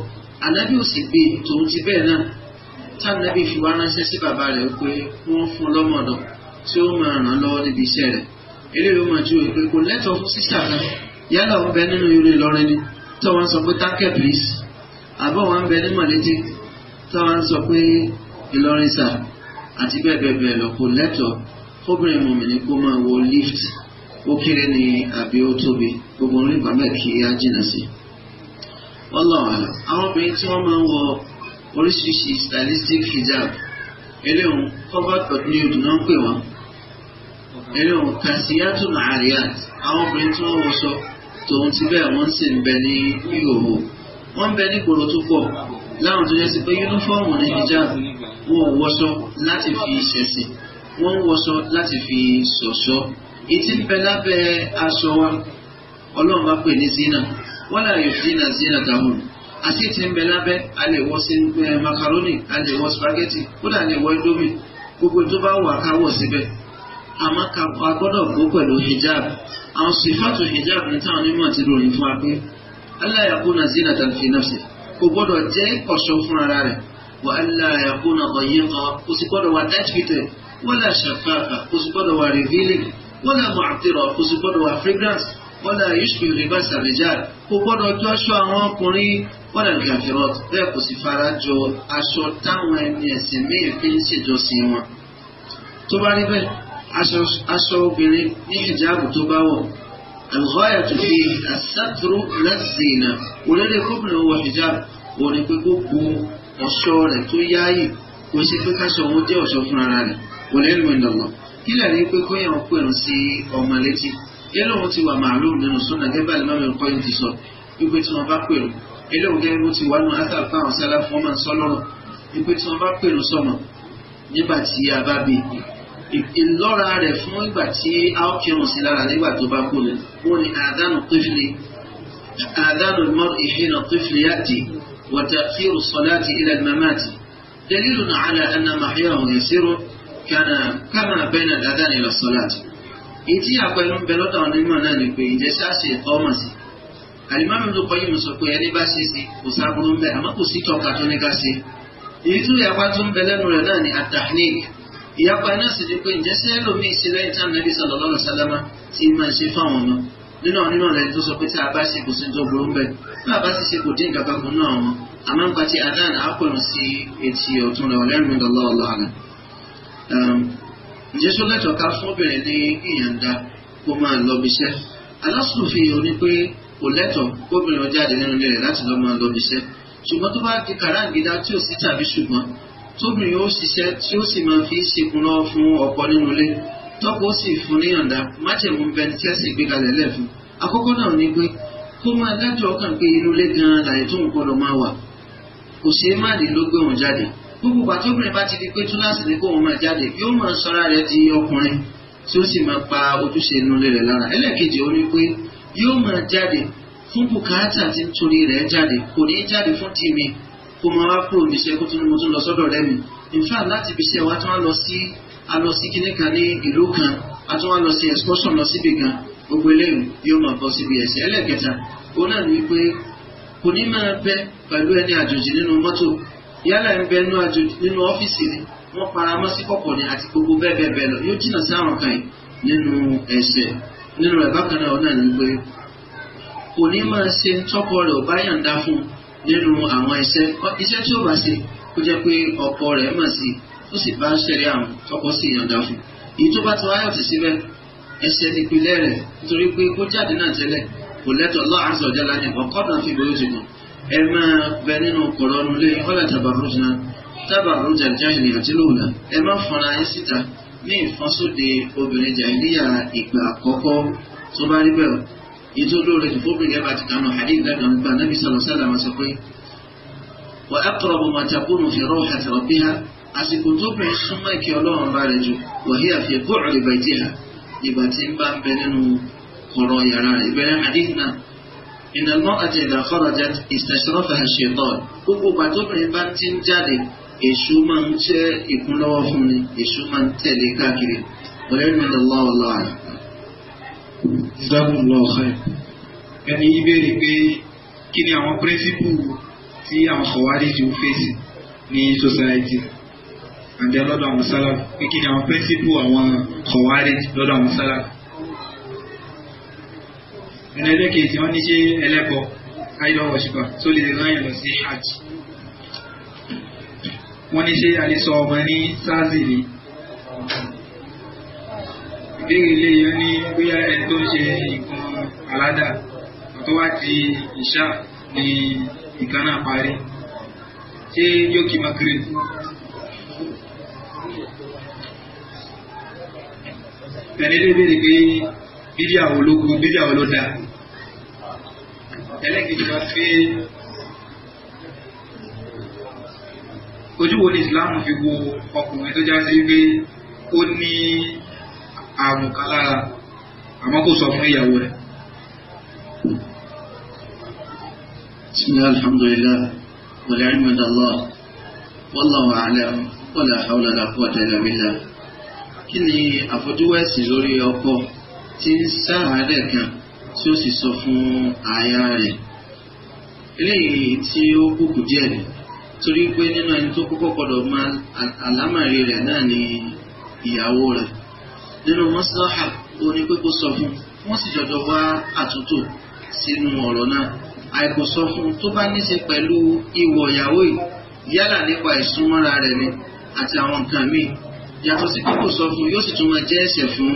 ànábì ò sì gbé e, tòun ti bẹ́ẹ̀ náà tànábì fi wá ránṣẹ́ sí bàbá rẹ̀ pé wọ́n fún lọ́mọdọ̀ tí ó máa ràn án lọ́wọ́ níbi iṣẹ́ rẹ̀ eléyìí ó máa ju ìpè kò lẹ́tọ̀ọ́ fún sísà kan yálà ó bẹ nínú irú Ìlọrin ni tó wọn sọ pé tákẹ́ please àbọ̀ wọn ń bẹ ní mọ̀lẹ́tì tó wọn sọ pé Ìlọrin sà àti bẹ́ẹ̀ bẹ́ẹ̀ bẹ́ẹ̀ lọ kò lẹ́tọ̀ọ́ obìnrin mọ̀mìnì kó máa wọ lift ó kéré ní àbí ó tóbi gbogbo orí ìbámẹ́ kí á jìnà sí. wọ́n lọ àlọ́ àwọn obìnrin tí wọ́n máa ń wọ oríṣiríṣi stylistic hijab eléhùn covered but nude náà ń pè wọ́n eléhùn kàṣíyàtò nàárìyàt àwọn obìnrin tí wọ́n wọ sọ tòun ti bẹ́ẹ̀ wọ́n sì ń bẹ ní ìhòòhò wọ́n ń bẹ ní ìgboro tó pọ̀ láwọn tó yẹ sí pé yúnífọ́ọ̀mù ní hijab wọn wọṣọ láti fi ṣẹ̀sìn wọ́n ń wọṣọ láti fi ṣọ̀ṣọ́ etí ń bẹ lábẹ́ aṣọ wa ọlọ́run bá pè ní zina wọ́n là yóò zina zina dàhùn àti etí ń lábẹ́ a lè sí macaroni a lè wọ spaghetti kódà a lè wọ indomie gbogbo tó bá wà ká wọ̀ síbẹ̀ àmọ́ ká a gbọ́dọ̀ gbó pẹ̀lú hijab àwọn sèfàtò hijab ní táwọn onímọ̀ ti ròyìn fún wa pé aláyàkúnà zina tàbí nàfsẹ̀ kò gbọ́dọ̀ jẹ́ ọ̀ṣọ́ fún ara rẹ̀ wà aláyàkúnà ọ̀yẹ́ kan sì gbọ́dọ̀ wà dájú fìtẹ̀ wọ́lá ṣàfáà kò sì gbọ́dọ̀ wà revealing wọ́lá mọ̀tìrọ̀ kò sì gbọ́dọ̀ wà fragrance wọ́lá yusuf rivers abidjan kò gbọ́dọ̀ jọ aṣọ àwọn ọkùnrin wọ́lá gafirot bẹ́ẹ̀ kò sì fara jọ aṣọ táwọn ẹni ẹ̀sìn míì fi ń ṣèjọsìn wọn. tó bá rí bẹ́ẹ̀ aṣọ obìnrin ní hijabu tó bá wọ̀ الغاية في الستر للزينة ولله كبر هو حجاب ونقول كبو وشورة تو ياي وشي فكا شو مدي وشو فنانا wọlẹ́rù ìlọ́lọ́ ilẹ̀ rí pé kóyàn pèrún sí ọmọ létí eléwọ́n ti wà màálùú nínú súnà gẹ́gbà lè má mi kọ́ yín ti sọ wípé tí wọ́n bá pèrún eléwọ́n gẹ́gẹ́ bó ti wà nù ásàlù fáwọn sálá fún ọmọ sọlọ́rọ̀ wípé tí wọ́n bá pèrún sọmọ nígbà tí a bá bí ìlọ́ra rẹ̀ fún ìgbà tí a ó kírun sí lára nígbà tó bá kú lẹ̀ wọ́n ni àdánù tófìlì àdánù mọ́ ìhìnà kama bẹ́nà dáadáa ni lọ sọ́láàtì. ya àpẹẹrẹ ń bẹ lọ́dọ̀ àwọn onímọ̀ náà ni pé ìjẹ́ sáàsì ẹ̀kọ́ ọmọ sí. Àlìmọ́mí ló kọ́ yìí mo sọ pé ẹni bá ṣe sí kò sáburú ń bẹ kò sí tọ́ka tó ní ká ṣe. Èyí tún ìyapa tó ń bẹ lẹ́nu rẹ̀ náà ni atahnik. Ìyapa náà sì ni pé ìjẹ́ sẹ́ lómi ṣe lẹ́yìn táwọn nàbí sọ̀rọ̀ lọ́nà sálámà tí máa ṣe fáwọn ọmọ. Nínú àwọn onímọ̀ rẹ̀ tó sọ pé tí a bá ṣe kò sí tó burú ń bẹ. Bí a bá ti ṣe kò dín ìdàgbàgbọ́ náà wọn. Àmọ́ ń pati Adán àpòrùn sí etí ọ̀tún rẹ̀ ọ̀lẹ́rìn ǹjẹ́ sọ lẹ́tọ̀ọ́ ká fọ́bìnrin ní ìyànda kó máa lọ bí iṣẹ́ alásùn fi oní pé kò lẹ́tọ̀ọ́ gómìnà jáde nínú ilé rẹ̀ láti lọ máa lọ bí iṣẹ́ ṣùgbọ́n tó bá di kàráǹgídá tí ò sí tàbí ṣùgbọ́n tóbìnrin ó ṣiṣẹ́ tí ó sì máa fi ṣekun lọ fún ọkọ nínú ilé tọ́kọ ó sì fún níyànda májèmú bẹni tí ẹ sì gbé kalẹ̀ lẹ́fun àkọ́kọ́ náà ni pé kó máa lẹ́tọ̀ọ́ kàn pé inú ilé gan-an gbogbo ìgbà tí obìnrin bá ti di pé túláàsì ní kó òun máa jáde yóò máa sọra rẹ̀ di ọkùnrin tí ó sì máa pa ojúṣe inú ilé rẹ̀ lára ẹlẹ́ẹ̀kejì ó ní pé yóò máa jáde fún bùkátà tí nítorí rẹ̀ jáde kò ní jáde fún tìmí kó máa wá kúrò níbi iṣẹ́ kó tún ní mo tún lọ sọ́dọ̀ rẹ̀ mi in láti ibi iṣẹ́ wa tí wọ́n lọ sí a lọ sí kinní kan ní ìlú kan a tún wá lọ sí excursion lọ síbì kan gbogbo eléyìí yóò máa bọ́ síbi ẹ̀sìn ẹlẹ́ẹ̀kẹta òun náà ní pé kò ní máa bẹ pẹ̀lú ẹni àjòjì nínú mọ́tò yálà ń bẹ nínú àjòjì nínú ọ́fíìsì ni wọ́n paramọ́ sí kọ̀kọ̀ ni àti gbogbo bẹ́ẹ̀ bẹ́ẹ̀ bẹ́ẹ̀ lọ yóò jìnnà sí àwọn kan yìí nínú ẹ̀ṣẹ̀ nínú rẹ̀ bákan náà ọ̀nà ni pé kò ní máa ṣe tọ́kọ rẹ̀ ò bá yàǹda fún nínú àwọn iṣẹ́ iṣẹ́ tí ó bá ṣe kó jẹ́ pé ọkọ rẹ̀ mọ̀ sí ó sì bá ṣẹlẹ̀ àwọn tọ́kọ sì yàǹda fún èyí tó bá ti wáyọ̀ tì síbẹ̀ ẹ̀ṣẹ̀ nípìnlẹ̀ rẹ̀ nítorí pé kó jáde náà tẹ́lẹ̀ kò lẹ́tọ̀ọ́ lọ́ ẹ máa bẹ nínú kòrọ́nù lé ọ̀là tàbàrújà tàbàrújà jáìlì àti lòlà ẹ má fọnra yín síta ní ìfọ́sóde obìnrin jàìlíyà ìgbà àkọ́kọ́ tó bá rí bẹ́ẹ̀ ètò olóore tó fóbìnrin ẹ̀ bá ti kànú hadith dákan gba nábì sallallahu alaihi wasallam sọ pé wa aqrabu ma takunu fi rawhati rabbiha àsìkò tó bẹ̀rẹ̀ súnmọ́ ìkẹ́ ọlọ́run bá rẹ̀ jù wa hiya fi bu'li baytiha ìgbà tí ń bá ń bẹ nínú kọ̀rọ̀ yàrá ìbẹ̀rẹ̀ hadith náà ìnà mọ́ àti ìdá kọ́rọ̀jà ìṣẹ̀ṣọ́fà ṣètọ́ gbogbo pàtóbìnrin bá ti ń jáde èṣù máa ń jẹ́ ìkúnlọ́wọ́ fún ni èṣù máa ń tẹ̀lé káàkiri ọ̀rẹ́ mi lọ́wọ́ ọlọ́wà. ìdáhùn lọ ọ̀hẹ́ ẹni yí béèrè pé kí ni àwọn pírẹ́sìpù tí àwọn kọ̀wárí ti ń fèsì ní society àti lọ́dọ̀ àwọn sálà pé kí ni àwọn pírẹ́sìpù àwọn kọ̀wárí lọ́dọ̀ àwọn sálà ọ̀nà ẹlẹ́kẹ̀ẹ́sì wọ́n ní ṣe ẹlẹ́bọ idol worshiper tó lè ráyàn lọ sí hajj wọ́n ní ṣe àlesọ ọmọ ní sazili ìbéèrè ilé yẹn ní bóyá ẹni tó ń ṣe nǹkan aládà tó wá ti ìṣá ní nǹkan náà parí ṣé yóò kí makiri ẹni lè béèrè pé bíbí àwọn ológun bíbí àwọn olóda ẹlẹ́kejì máa fi ojú wo ni Islam fi wo ọkùnrin tó já sí pé ó ní àrùn kan lára àmọ́ kò sọ fún ìyàwó rẹ̀. bisimilahi alhamdulilayi wàlẹ́ àyìnbádàlá wàlláhu àlẹ́ wàlẹ́ àwọn ọ̀làdàkọ̀ tẹ̀lé mi là kí ni àfojúwẹ̀sì lórí ọkọ̀ tí ń ṣàárẹ̀ kan tí ó sì sọ fún aya rẹ̀ eléyìí tí ó kúkú díẹ̀ ni torí pé nínú ẹni tó kọ́kọ́ gbọ́dọ̀ máa àlámàrí rẹ̀ náà ni ìyàwó rẹ̀ nínú mọ́sáhà ó ní pé kó sọ fún wọ́n sì jọjọ wá àtúntò sínú ọ̀rọ̀ náà àìkò sọ fún tó bá ní ṣe pẹ̀lú ìwọ̀ ìyàwó yìí yálà nípa ìsúnmọ́ra rẹ̀ ni àti àwọn nǹkan míì yàtọ̀ sí pé sọ fún yóò sì tún máa jẹ́ ẹ̀ṣẹ̀ fún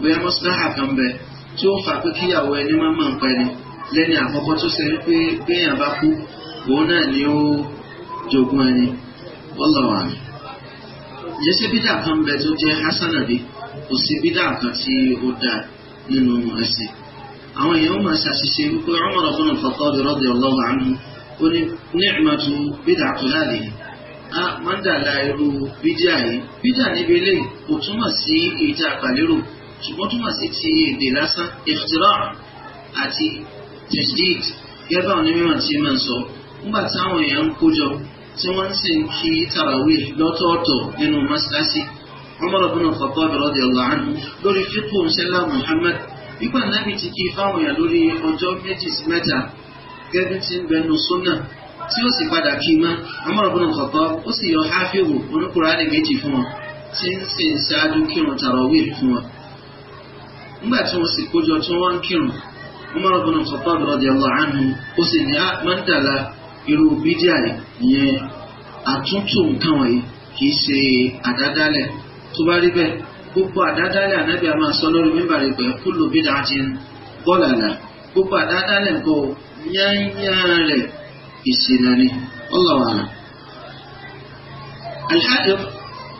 bóyá mọ́síláhà kan bẹ tí ó fà pé kíyàwó ẹni máa mọ̀ nǹkan ẹni lẹ́ni àkọ́kọ́ tó ṣe wípé béèyàn bá kú òun náà ni ó jogún ẹni ọlọ́wà mi. ìyẹn ṣe bídà kan bẹ tó jẹ́ hasanabi kò sí bídà kan tí ó dáa nínú ẹ̀sìn. àwọn èèyàn máa ṣàṣìṣe wípé Umar ibn al-Khattab radiyallahu anhu ó ní ni'matu bídà tó láàlè a máa ń dà la irú bídà yìí bídà níbi eléyìí kò túmọ̀ sí ìjà àgbàlérò ṣùgbọ́n túmọ̀ sí ti èdè lásán ìfìtìrà àti tẹ̀sídìd gẹ́gẹ́ báwọn onímọ̀ tí máa ń sọ nígbà táwọn èèyàn ń kójọ tí wọ́n ń sì ń kí tarawih lọ́tọ̀ọ̀tọ̀ nínú mọ́ṣáláṣí Umar ibn Khattab radiyallahu anhu lórí fíkù ṣẹlá Muhammad nígbà náà ti kí fáwọn èèyàn lórí ọjọ́ méjì sí mẹ́ta gẹ́gẹ́ tí ń bẹnu sọ́nà tí ó sì padà kí mọ́ Umar ibn Khattab ó sì yọ háfíwò oníkùrá méjì fún wọn tí ń sì ń ṣáájú kírun tarawih fún wọn nígbà tí wọ́n sì kójọ tí wọ́n ń kírun Umar ibn Khattab radiyallahu anhu ó sì ní ah, mọ́ńdàlá irú bídíà yẹn àtúntò nǹkan wọ̀nyí kì í ṣe àdádálẹ̀ tó bá rí bẹ́ẹ̀ gbogbo àdádálẹ̀ ànábì àmà sọ lórí mímbà rẹ̀ pé kullu bid'atin bọ́làlà gbogbo àdádálẹ̀ nǹkan yányá rẹ̀ ìṣìnà ni ọlọ́wàlà. àlẹ́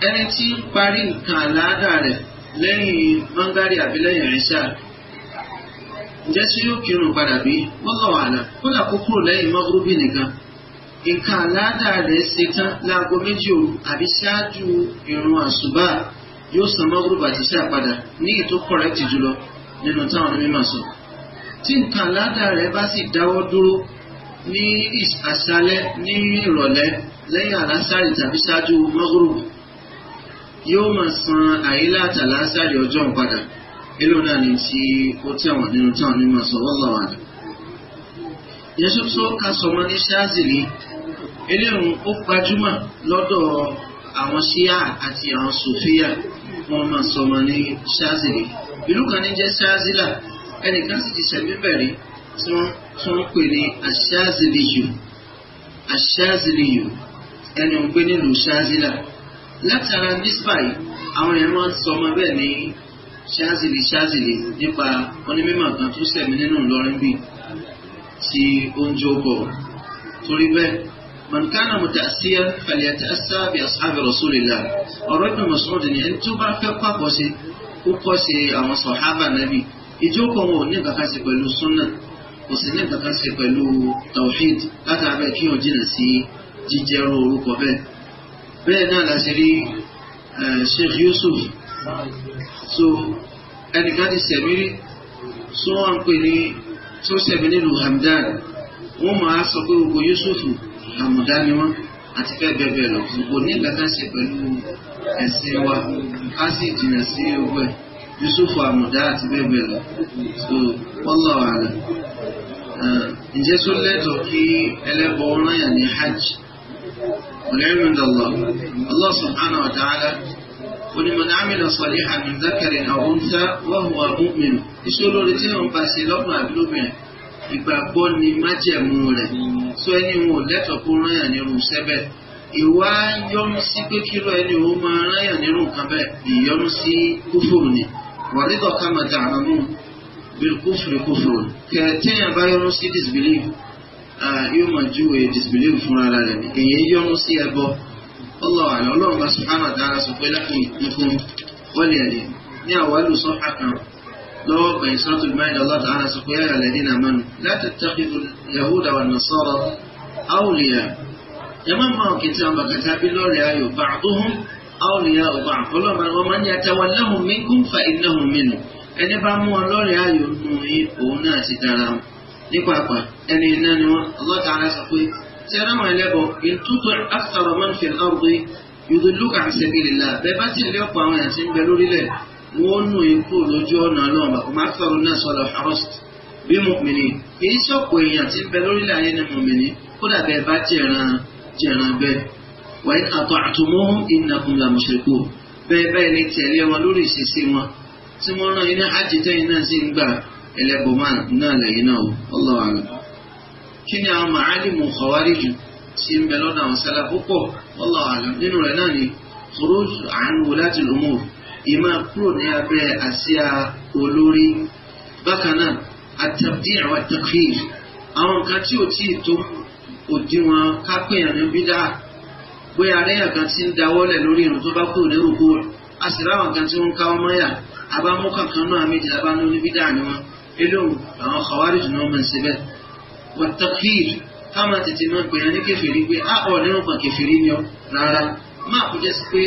ẹni tí ń parí nǹkan àlàáda rẹ̀ lẹ́yìn mangari àbí lẹ́yìn ẹ̀ṣà ǹjẹ́ tí yóò kírun padà bí wọ́n lọ àlà kódà kó kúrò lẹ́yìn mọ́gúrúbì nìkan nǹkan àládà rẹ̀ ṣe tán láago méjì òru àbí ṣáájú ìrun àṣùbà yóò san mọ́gúrúbà àti ṣáà padà ní ètò kọ̀rẹ́tì jùlọ nínú táwọn onímọ̀ sọ. tí nǹkan àládà rẹ̀ bá sì dáwọ́ dúró ní àṣálẹ́ ní ìrọ̀lẹ́ lẹ́yìn àlásàrì tàbí ṣáájú mọ́gúrúbì yóò máa san àyílá àtàlásàrì ọjọ́ ń padà èlò náà ni tí ó tẹ̀wọ̀n nínú táwọn onímọ̀ sọ wọ́lọ̀ wà. yẹsùsù ká sọmọ ní ṣáàzìlì eléyìí ó gbajúmọ̀ lọ́dọ̀ àwọn ṣíà àti àwọn sòfíà wọn máa sọmọ ní ṣáàzìlì ìlú kan ní jẹ́ ṣáàzìlà ẹnìkan sì ti ṣẹ̀mí bẹ̀rẹ̀ tí wọ́n tún pè ní àṣáàzìlì yù àṣáàzìlì yù ẹni òun gbé nílùú ṣáàzìlà látara nísbà yìí àwọn èèyàn máa ń sọ ọmọ bẹ́ẹ̀ ní ṣáàzìlì ṣáàzìlì nípa onímọ̀ kan tó sẹ̀mí nínú Ìlọrin bíi ti oúnjẹ ọkọ̀ torí bẹ́ẹ̀ man kana mutasiya falyatasa bi ashabi rasulillah ọ̀rọ̀ ibn Mas'ud ni ẹni tó bá fẹ́ kọ́ àkọ́ṣe kó kọ́ ṣe àwọn sọ̀hábà nàbì ìjókòó wọn ò ní nǹkan kan ṣe pẹ̀lú sunnah kò sì ní nǹkan ṣe pẹ̀lú tawhid látàbẹ̀ kí wọ́n jìnnà sí jíjẹ́rú orúkọ bẹ́ẹ̀ bẹ́ẹ̀ náà la ṣe rí Sheikh Yusuf so ẹnìkan ti sẹ̀mí rí so wọ́n ń pè ní tó sẹ̀mí nílùú Hamdan wọ́n máa sọ pé gbogbo Yusuf Hamdan ni wọ́n àti fẹ́ bẹ́ẹ̀ lọ gbogbo ní ìgbàkan ṣe pẹ̀lú ẹ̀sìn wa a sì jìnnà sí ogbó Yusuf Hamdan àti bẹ́ẹ̀ lọ so wọ́n lọ́ọ́ àlẹ́ ǹjẹ́ tó lẹ́tọ̀ọ́ kí ẹlẹ́bọ̀ ọ̀ràn yà ní hajj. والعلم عند الله الله سبحانه وتعالى ولمن عمل صالحا من ذكر أو أنثى وهو مؤمن ìṣòro rẹ̀ tí wọ́n bá ṣe lọ́nà àbílòmíràn ìgbàgbọ́ ni májẹ̀mú rẹ̀ sọ ẹni wọn ò lẹ́tọ̀ọ́ kó ráyàn nírun sẹ́bẹ̀ ìwà yọnu sí pé kíló ẹni òun máa ráyàn nírun kan bẹ́ẹ̀ ìyọnu sí kúfùrù ni wàlídọ̀ ká máa dààmú bíi kúfùrù kúfùrù kẹ̀ tíyàn bá yọnu sí disbelief yóò máa júwe disbelief fúnra rẹ̀ ni èyí yọnu sí ẹbọ ọlọ́wà ni ọlọ́run bá subhanahu wa ta'ala sọ pé láti nǹkan wọlé ẹ̀dẹ̀ ní àwálù sọ́fà kan lọ́wọ́ bẹ̀rẹ̀ sọ́tò ìmáyìlá Allah ta'ala sọ pé yára lẹ́dí náà mọ́nu láti tẹ́kìtù yahuda wà nasara awliya ẹ má máa kìtì àwọn bàkàtà bí lọ́ọ̀rì ayò ba'duhum awliya ọba ọlọ́run wọn máa ń yàtọ̀ wọn lahum minkum fa innahum minhum ẹni bá mú ọlọ́ọ̀rì ayò nù nípa àpà ẹni iná ni wọn Allah ta'ala sọ pé tí ara wọn ẹlẹ́bọ in tuti' akthara man fil ardi yudilluka an sabilillah bẹ́ẹ̀ bá sì ń lẹ́pọ̀ àwọn èèyàn tí ń bẹ lórílẹ̀ wọn ó nù ikú lójú ọ̀nà ọlọ́ọ̀bà kò máa fẹ́ràn náà sọ̀rọ̀ harrost bí mọ̀mìnì èyí sọ̀pọ̀ èèyàn tí ń bẹ lórílẹ̀ ayé ni mọ̀mìnì kódà bẹ́ẹ̀ bá jẹ̀ràn jẹ̀ràn bẹ́ẹ̀ wa in ata'tumuhum innakum la mushrikun bẹ́ẹ̀ bẹ́ẹ̀ ni tẹ̀lé wọn lórí ìṣesí wọn tí wọ́n rán iná hajj náà sì ń gbà ẹlẹ́bùmá náà lẹ́yìn náà Allahu a'lam. kí ni àwọn màálìmù khawarij sí ń bẹ lọ́dọ̀ àwọn sálà púpọ̀ Allahu a'lam nínú rẹ̀ náà ni khuruj an wulatil umur ìmọ̀ kúrò ní abẹ́ àsíá olórí bákan náà at-tabdi' wa at-takhir àwọn nǹkan tí ò tí ì tó òdiwọ̀n kápẹ́yàn ní bídà bóyá aléyàn kan ti ń dáwọ́lẹ̀ lórí irun tó bá kú ní rúkú a kan tí ń káwọ́ mọ́yà abámú kankan náà méjì abánú ní bídà ni wọ́n eléwu àwọn khawarij náà máa ń ṣe bẹ́ẹ̀ wọ́n takhir ká máa tètè máa pè é ní kẹfìrí pé a ah, ọ̀ ní wọn pa kẹfìrí ni ọ rárá máa kú jẹ́ sí pé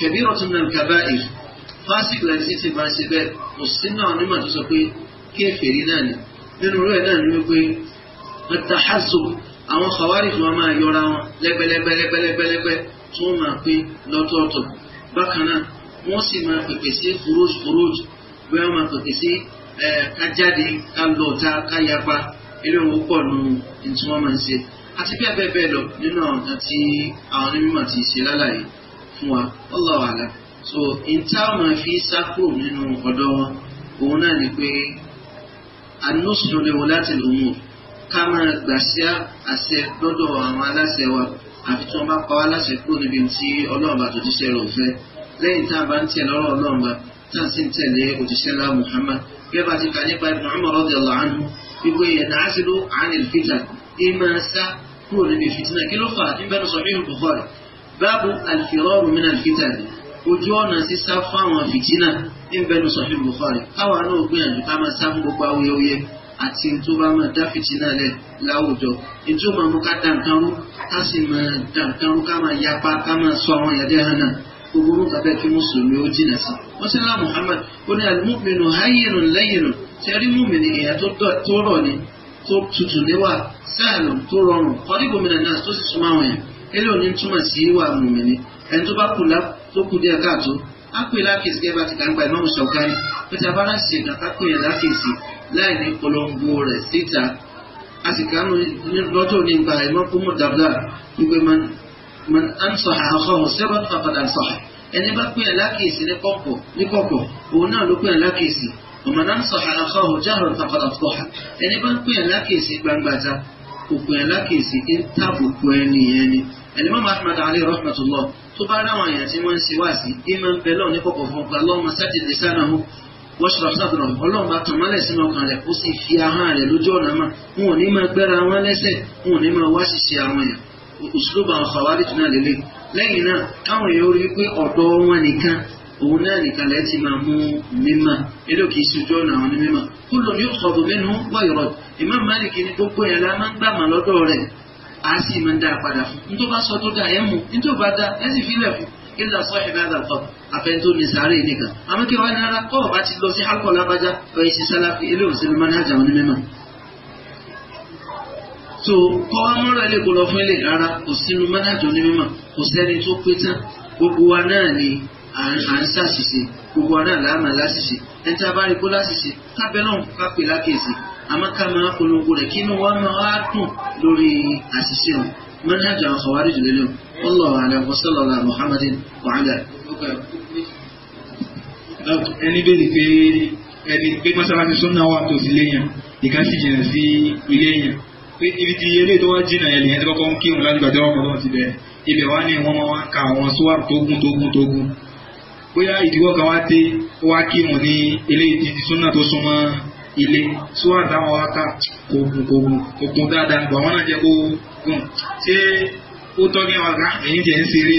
kabiratun min al-kaba'ir fásitì láti ti máa ṣe bẹ́ẹ̀ kò sí náà nímọ̀ tó sọ pé kẹfìrí náà ni nínú rẹ̀ náà ni wípé at-tahazzub àwọn khawarij wọn máa yọra wọn lẹ́gbẹ́lẹ́gbẹ́lẹ́gbẹ́lẹ́gbẹ́ tó máa pé lọ́tọ̀ọ̀tọ̀ bákan náà wọ́n sì máa pèpè sí khuruj khuruj bẹ́ẹ̀ máa pèpè sí ẹ eh, ká jáde ká lọ ọ̀tá ká yapa eré owó pọ̀ nù ní tí wọ́n máa ń ṣe àti bí abẹ́ bẹ́ẹ̀ lọ nínú àwọn àti àwọn onímọ̀ ti ṣe lálàyé fún wa wallahu a'lam so ìta máa fi sá kúrò nínú ọ̀dọ́ wọn òun náà ni pé anúṣùlù lè láti lòun o ká máa gbàṣẹ àṣẹ lọ́dọ̀ àwọn aláṣẹ wa àfi tí wọ́n bá pa wá láṣẹ kúrò níbi tí ọlọ́run tó ti ṣe rò lẹ́yìn tá a bá ń tẹ̀lé ọ̀rọ̀ ọlọ́run bá tá a sì ń tẹ̀lé òjíṣẹ́ lá Muhammad bẹ́ẹ̀ bá ti kà nípa Ibn Umar radiyallahu anhu wípé ẹ̀dá àṣìlú anil fitan ìmọ̀ sá kúrò níbi fìtínà kí ló fà níbẹ̀rù sọ̀rọ̀ ìlú Bukhari báàbù al-firaru min al-fitan ojú ọ̀nà sísá fáwọn fìtínà níbẹ̀rù sọ̀rọ̀ ìlú Bukhari káwa náà gbìyànjú àti tó bá máa dá fìtínà lẹ̀ láwùjọ ètò máa mú ká dàǹkanrú ká sì máa dàǹkanrú ká máa yapa ká máa sọ àwọn ìyàdé hàn náà gbogbo orúkọ bẹ́ẹ̀ kí mùsùlùmí ó jìnà sí wọ́n sì ńlá Muhammad ó ní alimúminu hayinu lẹ́yinu ṣe rí múmini èèyàn tó rọ̀ ni tó tutù níwà sáàlù tó rọrùn kọ́lí gómìnà náà tó sì súnmọ́ àwọn yẹn eléyìí ní túmọ̀ sí ìwà múmini ẹni tó bá kù tó kù díẹ̀ káàtó á pè lákèsí gẹ́gẹ́ bá ti kà ń gba ìmọ̀ ṣọ̀kárì pé tí a yẹn lákèsí láì ní polongo rẹ̀ síta a sì kà á lọ́jọ́ nígbà ìmọ̀ kúmọ̀ dáadáa wípé من أنصح أخاه سرا فقد أنصحه ẹni bá pè é lákèsí ní kọ̀kọ̀ ní kọ̀kọ̀ òun náà ló pè é lákèsí ọmọ náà ń sọ àkọhùn jáhùn tàkọ̀tà tọ̀hà ẹni bá pè é lákèsí gbangbata kò pè é lákèsí ń tàbùkù ẹni yẹn ni Imam Ahmad alayhi rahmatullah tó bá ráwọn èèyàn tí wọ́n ń ṣe wá sí i máa ń bẹ lọ́wọ́ ní kọ̀kọ̀ fún ọgbà Allahumma saddid lisanahu washrah sadrahu ọlọ́run bá tàn mọ́lẹ̀ sínú ọkàn rẹ̀ ó sì fi ahọ́n rẹ̀ lójú ọ̀nà mà wọn ò ní máa gbẹ́ra wọn lẹ́sẹ̀ wọn ò ní máa wá ṣiṣẹ́ àwọn èèyàn ìṣúlùbà khawarij náà lélẹ̀ lẹ́yìn náà káwọn èèyàn rí pé ọ̀dọ́ wọn nìkan òun náà nìkan lẹ́yìn ti máa mú mímà eléyò kìí sojú ọ̀nà àwọn mímà kúlò yóò sọ̀rọ̀ mẹ́nu wá ìrọ̀ Imam Malik ni gbogbo yẹn la máa ń gbàmà lọ́dọ̀ rẹ̀ á sì máa ń dá a padà fún un tó bá sọ tó dá ẹ̀ mú un tó bá dá ẹ̀ sì fílẹ̀ fún ilà sọ́ọ̀hìn náà dàtọ̀ àfẹ́ntó ní sàárè nìkan àmọ́ kí wọ́n nára kọ́ ọ̀ bá ti lọ sí alkọ̀ọ́lábájá ọ̀ so kọ́ wa múra ilé kó lọ fún ilé rárá kò sínú mẹ́nájọ ní mímọ̀ kò sẹ́ni tó pé tán gbogbo wa náà ni à ń ṣàṣìṣe gbogbo wa náà láàmà láṣìṣe ẹni tí a bá rí kó láṣìṣe kábẹ́ náà ká pè lákèsí àmọ́ ká máa polongo rẹ̀ kí inú wa máa wá dùn lórí àṣìṣe wọn mẹ́nájọ àwọn kọ̀wárí jùlọ lẹ́nu wallahu a'lam wa sallallahu muhammadin wa ala. ẹni bẹ́ẹ̀ ni pé ẹni pé mọ́sálásí sọ́nà wà tó sí léyìn ìkásí jìnnà sí ilé yẹn pé ibi tí ilé tó wá jìnnà yẹn lèyẹn tí kọ́kọ́ ń kírun láti gbàdúrà ọkọ̀ náà ti bẹ̀rẹ̀ ibẹ̀ wá ní wọ́n máa wá ka àwọn sówárù tógún tógún tógún bóyá ìdíwọ́ kan wá dé ó wá kírun ní ilé títí súnà tó súnmọ́ ilé sówárù táwọn wá ká kò gùn kò gùn kò gùn dáadáa bọ̀ àwọn náà jẹ́ kó gùn ṣé ó tọ́ kí wọn ká ẹ̀yìn tẹ̀ ń ṣeré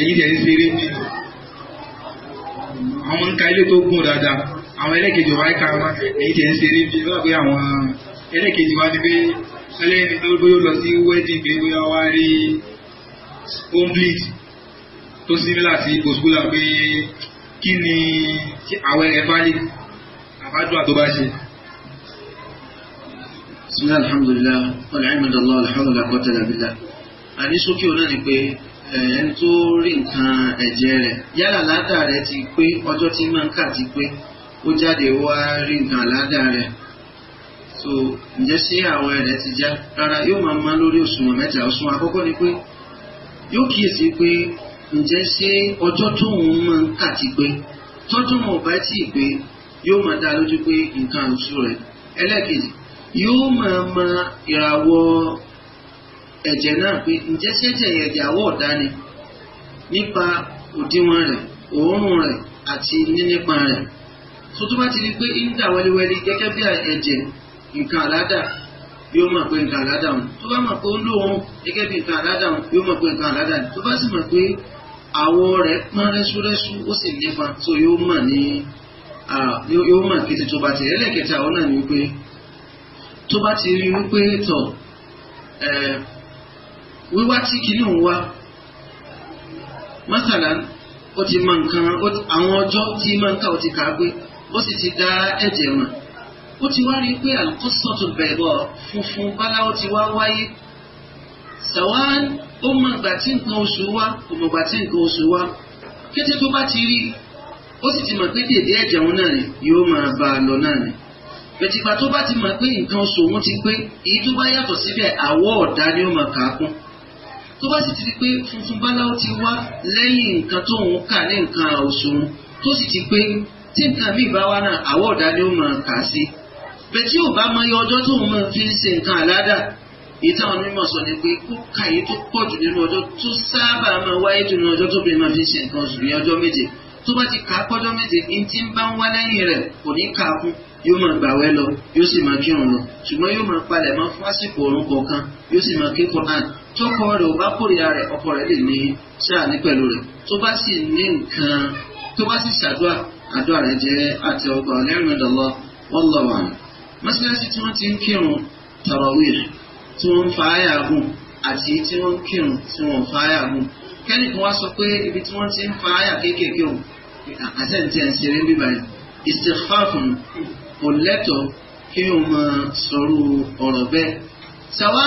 ẹ̀yìn tẹ̀ ń ṣeré àwọn ń ka ilé tó gùn dáadáa àwọn ẹlẹ́kejì wá ká ẹ̀yìn tẹ̀ ń ṣeré bí wọ́n ẹlẹ́kejì wá ní pé ẹlẹ́ni tó gbé lọ sí wedding pé bóyá wá rí home bleed tó similar sí gospela pé kí ni àwọn ẹ̀rẹ̀ bá lè àbádùn àtọ́ bá ṣe. bismillah alhamdulillah alhamdulillah alhamdulillah kọ́tẹ́lá bílá àní sókè ọ̀nà ni pé ẹni tó rí nǹkan ẹ̀jẹ̀ rẹ̀ yálà ládàá rẹ̀ ti pé ọjọ́ tí máa ń kà ti pé ó jáde wá rí nǹkan ládàá rẹ̀ so ǹjẹ́ si àwọn ẹ̀rẹ̀ ti já rárá yóò máa ma lórí òṣùwọ̀n mẹ́ta òṣùwọ̀n àkọ́kọ́ ni pé yóò kíyèsí pé ǹjẹ́ ṣé ọjọ́ tóun máa ń kà ti pé tọ́jú wọn ò bá tí ì pé yóò máa dá lójú pé nǹkan àrùsù rẹ̀ yóò máa ma ìràwọ̀ ẹ̀jẹ̀ náà pé ǹjẹ́ ṣé ẹ̀jẹ̀ yẹn ẹ̀jẹ̀ àwọ̀ ni nípa òdiwọ̀n rẹ̀ òórùn rẹ̀ àti nínípa rẹ̀ tó tó ti di pé ń dà wẹ́líwẹ́lí gẹ́gẹ́ nǹkan àládà yóò mọ̀ pé nǹkan àládà òun tó bá mọ̀ pé ó ń lò òun gẹ́gẹ́ bí nǹkan àládà òun yóò mọ̀ pé nǹkan àládà ni tó bá sì mọ̀ pé àwọ̀ rẹ̀ pọ́n rẹ́súrẹ́sú ó sì nípa tó yóò mọ̀ ní yóò mọ̀ kété tó bá ti rẹ̀ lẹ́ẹ̀kẹta àwọn náà ni wípé tó bá ti rí wípé tọ̀ wíwá tí kinní òun wá mọ́tàlá ó ti mọ nǹkan àwọn ọjọ́ tí mọ̀ ó ti kà á pé ó sì ti dá ẹ̀jẹ̀ mọ̀ ó ti wá rí i pé àlùkòsọ̀tò bẹ̀rọ̀ funfun báláwo ti wá wáyé sàwọn ó mọ ìgbà tí nǹkan oṣù wá kò mọ ìgbà tí nǹkan oṣù wá kété tó bá ti rí i ó sì ti mọ̀ pé dèdè ẹ̀jẹ̀ náà ni yóò máa bá a lọ náà ni bẹ̀tìgbà tó bá ti mọ̀ pé nǹkan oṣù òun ti pé èyí tó bá yàtọ̀ síbẹ̀ àwọ̀ ọ̀dà ni ó máa kà á kún tó bá sì ti di pé funfun báláwo ti wá lẹ́yìn nǹkan tó òun kà ní nǹkan oṣù tó sì ti pé tí nǹkan míì bẹ́ẹ̀ tí ò bá mọ iye ọjọ́ tó ń mọ fi ń ṣe nǹkan àládà èyí táwọn onímọ̀ sọ ni pé kó ka tó pọ̀ jù nínú ọjọ́ tó sábà máa wáyé jù nínú ọjọ́ tó bẹ̀rẹ̀ máa fi ń ṣe nǹkan oṣù ní ọjọ́ méje tó bá ti kà á pọ́jọ́ méje ní ti ń bá ń wá lẹ́yìn rẹ̀ kò ní kà á kún yóò máa gbàwẹ̀ lọ yóò sì máa kírun lọ ṣùgbọ́n yóò máa palẹ̀ mọ́ fún àsìkò òórùn kọ̀ọ̀kan yóò sì máa ké Quran tọkọ rẹ̀ ò bá kórìíra rẹ̀ ọkọ rẹ̀ lè ní sáà ní pẹ̀lú rẹ̀ tó bá sì ní nǹkan tó bá sì ṣàdúà àdúà rẹ̀ jẹ́ àti ọgbà ọ̀lẹ́rìndọ̀lọ́ wọ́n lọ́wọ́ àná mọ́sálásí tí wọ́n ti ń kírun tarawih tí wọ́n ń fa àyàgùn àti tí wọ́n ń kírun tí wọ́n ń fa àyàgùn kẹ́nìkan wá sọ pé ibi tí wọ́n ti ń fa àyà kéékèèké o àtẹ̀ǹtì ń ṣeré bíbá yìí istighfafun kò lẹ́tọ̀ọ́ kí o máa sọ̀rọ̀ ọ̀rọ̀ bẹ́ẹ̀. sàwa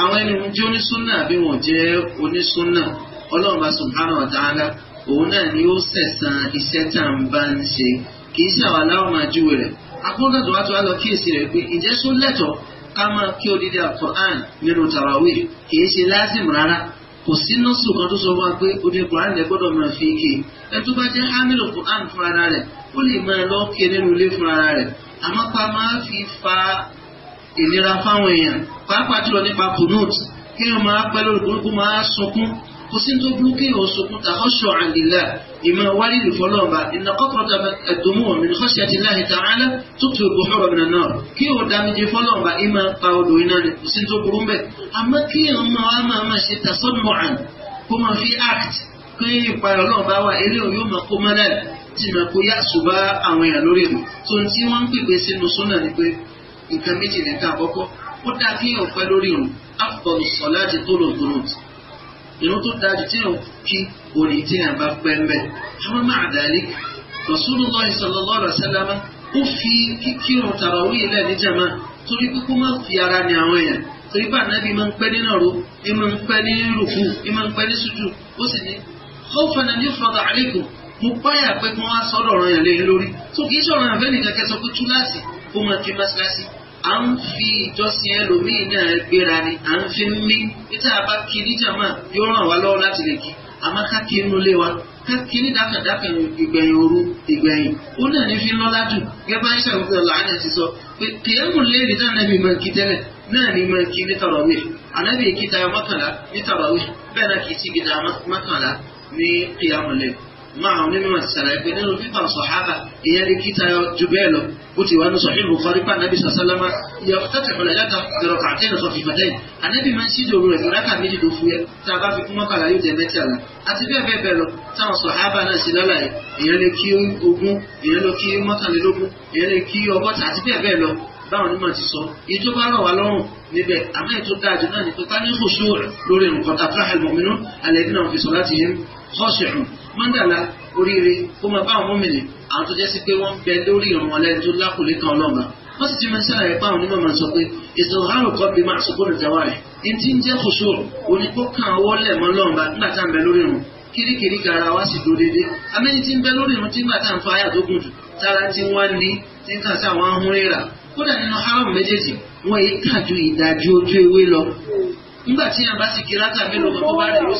àwọn ẹni wọn jẹ́ onísúnà àbí wọn jẹ́ onísúnà ọlọ́run bá subhanahu wa ta'ala òun náà ni ó sẹ̀san iṣẹ́ tá à ń bá ń ṣe kì í ṣàwà láwọn máa júwe rẹ̀ akọ́ńdàdù wa tó wá lọ kíyèsí rẹ̀ pé ǹjẹ́ só lẹ́tọ̀ọ́ ká máa kí odidi alukur'an nínú tarawih kìí ṣe lázìm rárá kò sí nọ́ọ̀sì kan tó sọ wá pé odidi kur'an lè gbọ́dọ̀ máa fi ké ẹ tó bá jẹ́ hamilu kur'an fúnra rẹ̀ ó lè máa lọ ké nínú ilé fúnra rẹ̀ àmọ́ pa máa fi fa ìnira fáwọn èèyàn pàápàá jùlọ nípa kunut kí wọ́n máa pẹ́ lórí kúrúkú máa sunkún kò sí tó burú kí yóò sunkún ta ọṣọ àlìlá ìmọ̀ wálé ìfọlọ́ọ̀bà ìnà kọ́kọ́rọ́ta ẹ̀dùnmọ́ min khashyati Allahi ta'ala tó tu ìbòhọ́rọ̀ mi náà kí yóò dá mi jẹ fọlọ́ọ̀bà ìmọ̀ pa odò iná ni kò sí tó burú mbẹ́ àmọ́ kí yóò máa wá máa máa ṣe tasọ́nùmọ̀án kó máa fi act kí ìpayọ̀ ọlọ́ọ̀bá wa eré òyò máa kó mọ́ náà tí ma kó yá ṣùgbọ́n àwọn èèyàn lórí ìlú tó ń tí wọ́n ń pèpè sínú súnà ni pé nǹkan méjì nìkan àkọ́kọ́ ó dá kí èèyàn pẹ́ lórí ìlú salati tulul qunut irun tó dájú tí yàn kí orí tí yàn bá pẹ́ mbẹ́ àwọn máa dàrí Rasulullah sallallahu alaihi wasallam ó fi kíkírun tàràwí ilẹ̀ níjàmá torí pé kó má fi ara ní àwọn èèyàn torí bá ànábì máa ń pẹ́ nínú ọ̀rọ̀ ẹ máa ń pẹ́ ní rùkú ẹ máa ń pẹ́ ní sùjú ó sì ní khawfan an yufrada alaykum mo páyà pé kí wọ́n á sọ́dọ̀ ọ̀ràn yàn lórí tó kì í sọ̀rọ̀ àfẹ́ nìkan kẹsàn-án pé túláàsì ó máa fi máṣíláṣí à ń fi ìjọsìn ẹlòmíì náà gbéra ni à ń fi mí níta bá kí níjàmá yóò ràn wá lọ́wọ́ láti lè kí àmọ́ ká kí inú ilé wa ká kí ní dákàdákà ìgbẹ̀yìn òru ìgbẹ̀yìn ó náà ní fi ń lọ́lá jù gẹ́gẹ́ bá ń ṣàkóso làánà ti sọ pé kìyàmù léèrè náà nàbì máa kí tẹ́lẹ̀ náà ní máa kí ní tarawih ànábì kí tayọ mọ́kànlá ní tarawih bẹ́ẹ̀ náà kì í ti gidà mọ́kànlá ní kìyàmù léèrè máa onímọ̀ sàlàyé pé nínú fífà sọ̀hábà ìyẹn ní kí tayọ ju bẹ́ẹ̀ lọ kuti wani sahih bukhari pa nabi sallama yaftatihu laylata bi rak'atayn khafifatayn anabi man si do rẹ̀ raka méjì do fuye tá bá fi kuma kala yo de meti ala àti bẹ́ẹ̀ bẹ́ẹ̀ bẹ́ẹ̀ lọ ta sahaba na si lala e eyan lè kí ogún eyan lọ kí mọ́kànlélógún eyan lè kí ọgọ́ta àti bẹ́ẹ̀ bẹ́ẹ̀ lọ báwọn onímọ̀ ti sọ èyí tó bá rọ̀ wá lọ́rùn níbẹ̀ àmọ́ èyí tó dáa jù náà ni pé ká ní khushuu' lórí nǹkan tá a fẹ́ àlùmọ́mínú alladhina fi salatihim khashi'un mọ́ndàlá oríire kó máa bá àwọn mọ́mìnì àwọn tó jẹ́ sí pé wọ́n ń bẹ lórí ìrànwọ́ lẹ́ni tó lákòólé kan ọlọ́mà wọ́n sì ti máa ń ṣàlàyé pé àwọn onímọ̀ máa ń sọ pé ìṣòro kan bí máa sọkó lè tẹ̀wá rẹ̀ ní ti ń jẹ́ kòṣó onípọ̀kàn ọwọ́ lẹ̀ mọ́ lọ́mà nígbà tá à ń bẹ lórí ìrùn kíríkírí gara wá sì dúró dédé amẹ́ni tí ń bẹ lórí ìrùn tí nígbà tá à ń fa àyà tó gùn jù tára tí wọ́n ní tí ń kàn sí àwọn ahun kódà nínú haram méjèèjì wọ́n yìí kà ju ìdajì ojú ewé lọ nígbà tí a bá sì kí rákà mélòó tó bá rẹ̀ ló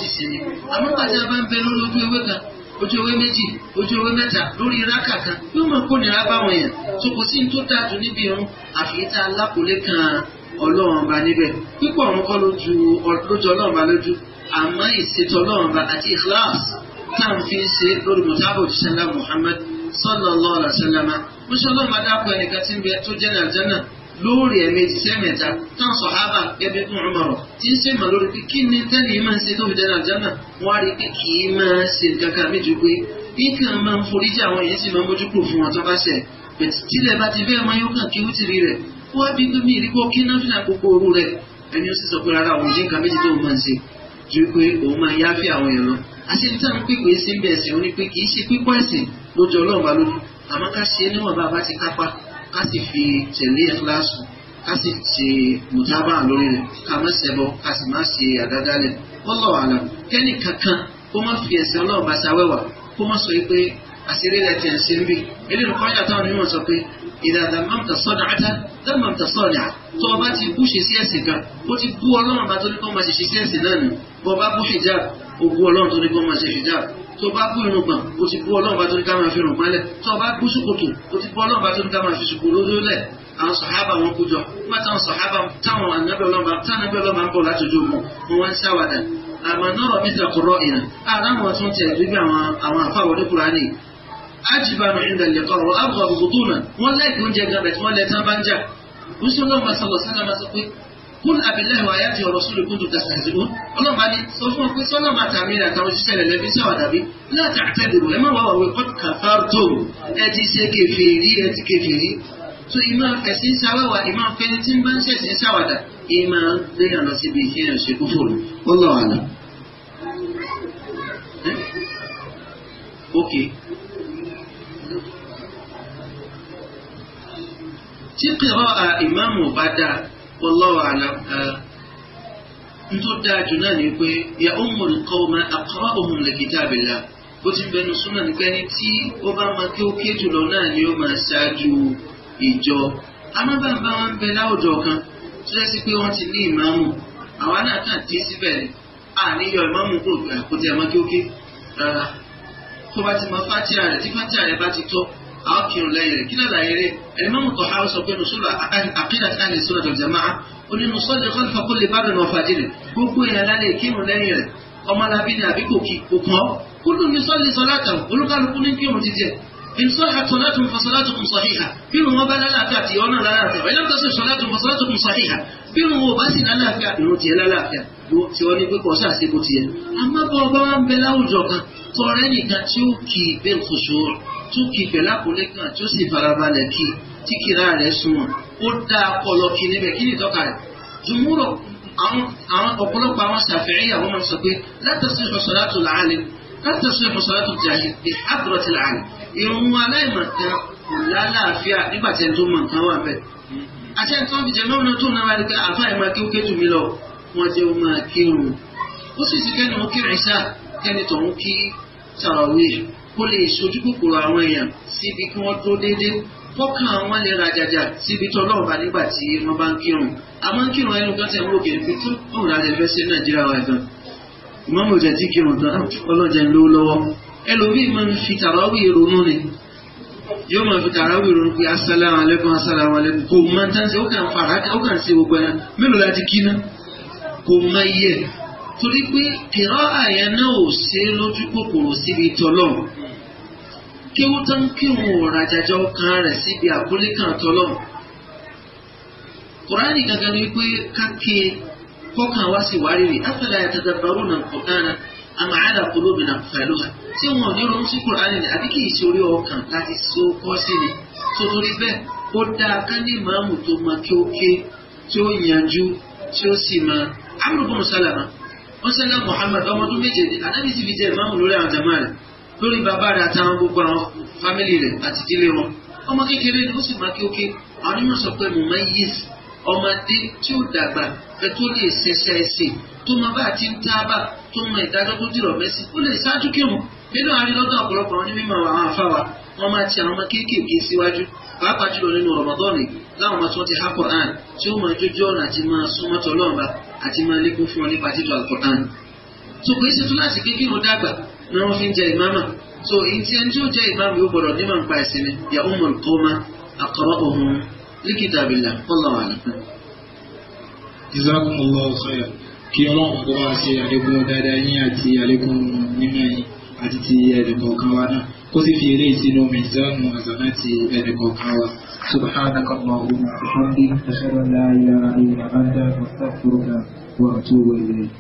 ojú ewé méjì ojú ewé mẹ́ta lórí rákà kan yóò máa kó nira báwọn èèyàn tó kò sí ní tó dáa tó níbi irun àfihàn tá a lákòólé kan ọlọ́run ọba níbẹ̀ pípọ̀ ọ̀run kọ́ lójú ọlọ́run ọba lójú àmọ́ ìṣètò ọlọ́run ọba àti ikhlas tá à ń fi ṣe lórí mutabo ṣẹlá Muhammad sallallahu alaihi wasallam mọ́ṣọ́lọ́run bá dákọ̀ ẹnìkan tí ń bẹ tó jẹ́ nàìjíríà lórí ẹ̀mẹ́jì sẹ́mẹ̀ta tán sọ̀hábà ẹbí fún ọmọrọ̀ tí ń sẹ́mà lórí pé kí ni tẹ́lẹ̀ máa ń ṣe tó fi dára jẹ́mà wọ́n á rí pé kì í máa ṣe kankan méjì pé bí kan máa ń foríjì àwọn èyí sì máa ń mójú kúrò fún wọn tó bá ṣẹ̀ bẹ̀tì tílẹ̀ bá ti bẹ́ẹ̀ máa yóò kàn kí ó ti rí rẹ̀ ó wá bí gómìn rí pé ó kí náà fi àkókò ooru rẹ̀ ẹni ó sì sọ pé rárá òun jẹ́ nǹkan méjì tó ká sì fi tẹ̀lé ìkíláàsù ká sì ṣe mùtábà lórí rẹ̀ ká má ṣẹbọ ká sì má ṣe àdádálẹ̀ wallahu alam kẹ́nì kankan kó má fi ẹ̀sìn ọlọ́run bá ṣàwẹ́wà kó má sọ pé àṣírí rẹ̀ ti ń ṣe ń bì eléyìí kọ́ yàtọ̀ táwọn onímọ̀ sọ pé ìdàdà mọ́mta sọ́dà átá dámọ̀mta sọ́dà tó ọba ti búṣe sí ẹ̀sìn kan ó ti bú ọlọ́run bá tó ní kọ́ máa ṣe ṣe sí ẹ̀sìn náà nù bọ́ ọba búṣe jáàbù o bú ọlọ́run tó ní kó máa ṣe ṣìjà tó bá bú irun gbọ̀n o ti bú ọlọ́run bá tó ní ká máa fi rùn pálẹ̀ tó bá bú ṣòkòtò o ti bú ọlọ́run bá tó ní ká máa fi ṣòkòtò lórílẹ̀ àwọn sàhábà wọn kú jọ nígbà táwọn sàhábà táwọn ànábẹ́ ọlọ́run bá tánábẹ́ ọlọ́run bá ń bọ̀ látòjú ogun wọn wá ń ṣàwàdà àmọ́ nọ́rọ̀ mi tẹ̀ kọ̀rọ̀ ìnà àdáwọn tún tẹ̀ gbígbé àwọn àfáwọ̀ ní kúránì kúl àbílẹ̀ wà yá ti ọ̀rọ̀ sórí kúndùn dàsẹ̀ ìṣẹ́gun ọlọ́ba ni sọ fún ọ pé sọ́nà bàtà mi rà táwọn òṣìṣẹ́ rẹ̀ lẹ́bi sí àwọn àdàbí láti àtẹ́dùrù ẹ má wà wà wí kọ́ kàfártò ẹ ti ṣe kẹfìrí ẹ ti kẹfìrí. tó ìmọ̀ ẹ̀sìn sáwàwà ìmọ̀ fẹ́ni tí ń bá ń ṣẹ̀sìn sáwàdà ìmọ̀ lè yàn lọ ìmáàmù bá dáa wallahu alam n tó dáa jù náà ni pé ya ummul qawma aqra'uhum li kitabillah bó ti ẹni tí ó bá máa kí ó ké jùlọ náà ni ó máa ṣáájú ìjọ amábàbà wọn bẹ láwùjọ kan tó yẹ pé wọn ti ní ìmáàmù àwọn kírun lẹ́yìn rẹ̀ kí náà láyé rẹ̀ ẹ̀lẹ́mọ̀mù tó ha sọ pé nùsọ́lá àkídà tí a lè sọ́nà tọ̀jà máa ó ní nùsọ́lá kọ́lùfà kó lè bàdàn ọ̀fà jìnnì gbogbo èèyàn lálẹ́ kírun lẹ́yìn rẹ̀ ọmọlábí ni àbí kò kí kò kàn kúlù nùsọ́lá sọ́lá tàn olúkálukú ní kírun jíjẹ إنصح صلاتهم فصلاتكم صحيحة بينهم وبلا لا تأتي ولا لا تأتي وإن لم تصح صلاتهم فصلاتكم صحيحة بينهم وبس لا تأتي نوتي لا لا تأتي tí wọ́n ní pé kò sáà sí kò tiẹ̀ àmọ́ bọ́ tún kí pẹ̀lú àkọlé kan tí ó sì farabalẹ̀ kí tí kìlá rẹ̀ sunwọ̀n ó dá akọlọ kí níbẹ̀ kí ni tọ́ka rẹ̀ jùmúrọ̀ àwọn ọ̀pọ̀lọpọ̀ àwọn ṣàfihàn ìyàwó máa ń sọ pé látàsí ìfọ̀sọ̀látò làálẹ̀ látàsí ìfọ̀sọ̀látò jàhìl ìhádùrọ̀tì làálẹ̀ ìrun aláìmọ̀ lálàáfíà nígbà tí ẹni tó mọ̀ nǹkan wà bẹ́ẹ̀. àti ẹni fi jẹ mẹ́rin tó náà wáyé pé àfa ẹ̀ máa kí ó ké tù mí lọ wọ́n jẹ́ ó máa kírun ó sì ti kẹ́ni ó kí ìṣá kẹ́ni tọ̀hún kí sàràwí kó lè ṣojú kòkòrò àwọn èèyàn síbi kí wọ́n tó déédéé kọ́kàn wọn lè rajajà síbi tó lọ́wọ́ bá nígbà tí wọ́n bá ń kírun àmọ́ ń kírun ẹnu kan tẹ̀ ń wò kí ẹni tó tóun láti fẹ́ sí nàìjíríà wa gan ìmọ̀mù ìjẹ́ tí kírun tán ọlọ́jà ń lówó lọ́wọ́ ẹlòmíì máa ń fi tàràwí ronú ni yóò máa fi tàràwí ronú pé asálàmù alẹ́kùn asálàmù alẹ́kùn kò máa ń tán sí ó kàn fara ó kàn sí gbogbo ẹ̀ mélòó láti kí ná kò máa yẹ torí pé kìrọ́ àyà náà ò ṣe lójú kòkòrò síbi tọ́lọ́mù kéwú tó ń kírun òòrùn àjàjọ kan rẹ̀ síbi kan tọ́lọ́mù kùránì gangan ni wípé káke kọ́kàn wá sí wárìrì afẹ́lẹ́ àtàdàbàrú nà kọ̀ọ̀kan àmà àdà kúlóbì nà fẹ́lúhà tí wọn ò ní ronú sí kùránì ni àbí kì í ọkàn láti so kọ́ sí ni tó torí bẹ́ẹ̀ ó ní màámù tó máa kí ó ké tí ó yanjú wọ́n sẹ́lẹ̀ Muhammad ọmọ ọdún méje ni ànábì sì fi jẹ́ ìmáàmù lórí àwọn jàmáà rẹ̀ lórí bàbá rẹ̀ àtàwọn gbogbo àwọn fámìlì rẹ̀ àti ìdílé wọn ọmọ kékeré ni ó sì máa kéwké àwọn onímọ̀ sọ pé mọ̀mọ́ yéésì ọmọdé tí ó dàgbà fẹ́ tó lè ṣẹṣẹ ẹsẹ̀ tó máa bá àti ń tábà tó mọ ìdájọ́ tó dìrọ̀ mẹ́sì ó lè ṣáájú kí òun nínú àárín ọ̀pọ̀lọpọ̀ àwọn onímọ̀ àwọn àfáwà wọ́n ma ti ọma ọmọ kéékèèké síwájú pàápàá jùlọ nínú Ramadan láwọn ọmọ tí wọ́n ti há Quran tí ó máa jójú ọ̀nà àti máa súnmọ́ tọ́ lọ́ọ̀ba àti máa lékún fún ọ nípa títọ́ al tó kò sí tó láti kékeré wọn dàgbà ni fi ń so èyí ẹni tí ó jẹ yóò gbọdọ̀ ìsinmi yà ó mọ̀ tó má àkọ́rọ́ kọ́lọ̀ wà ní. kó sì fi eré ìsinú mìzánù àzànà ti ẹnì kọ̀ọ̀kan wa سبحانك اللهم وبحمدك اشهد ان لا اله الا انت استغفرك واتوب اليك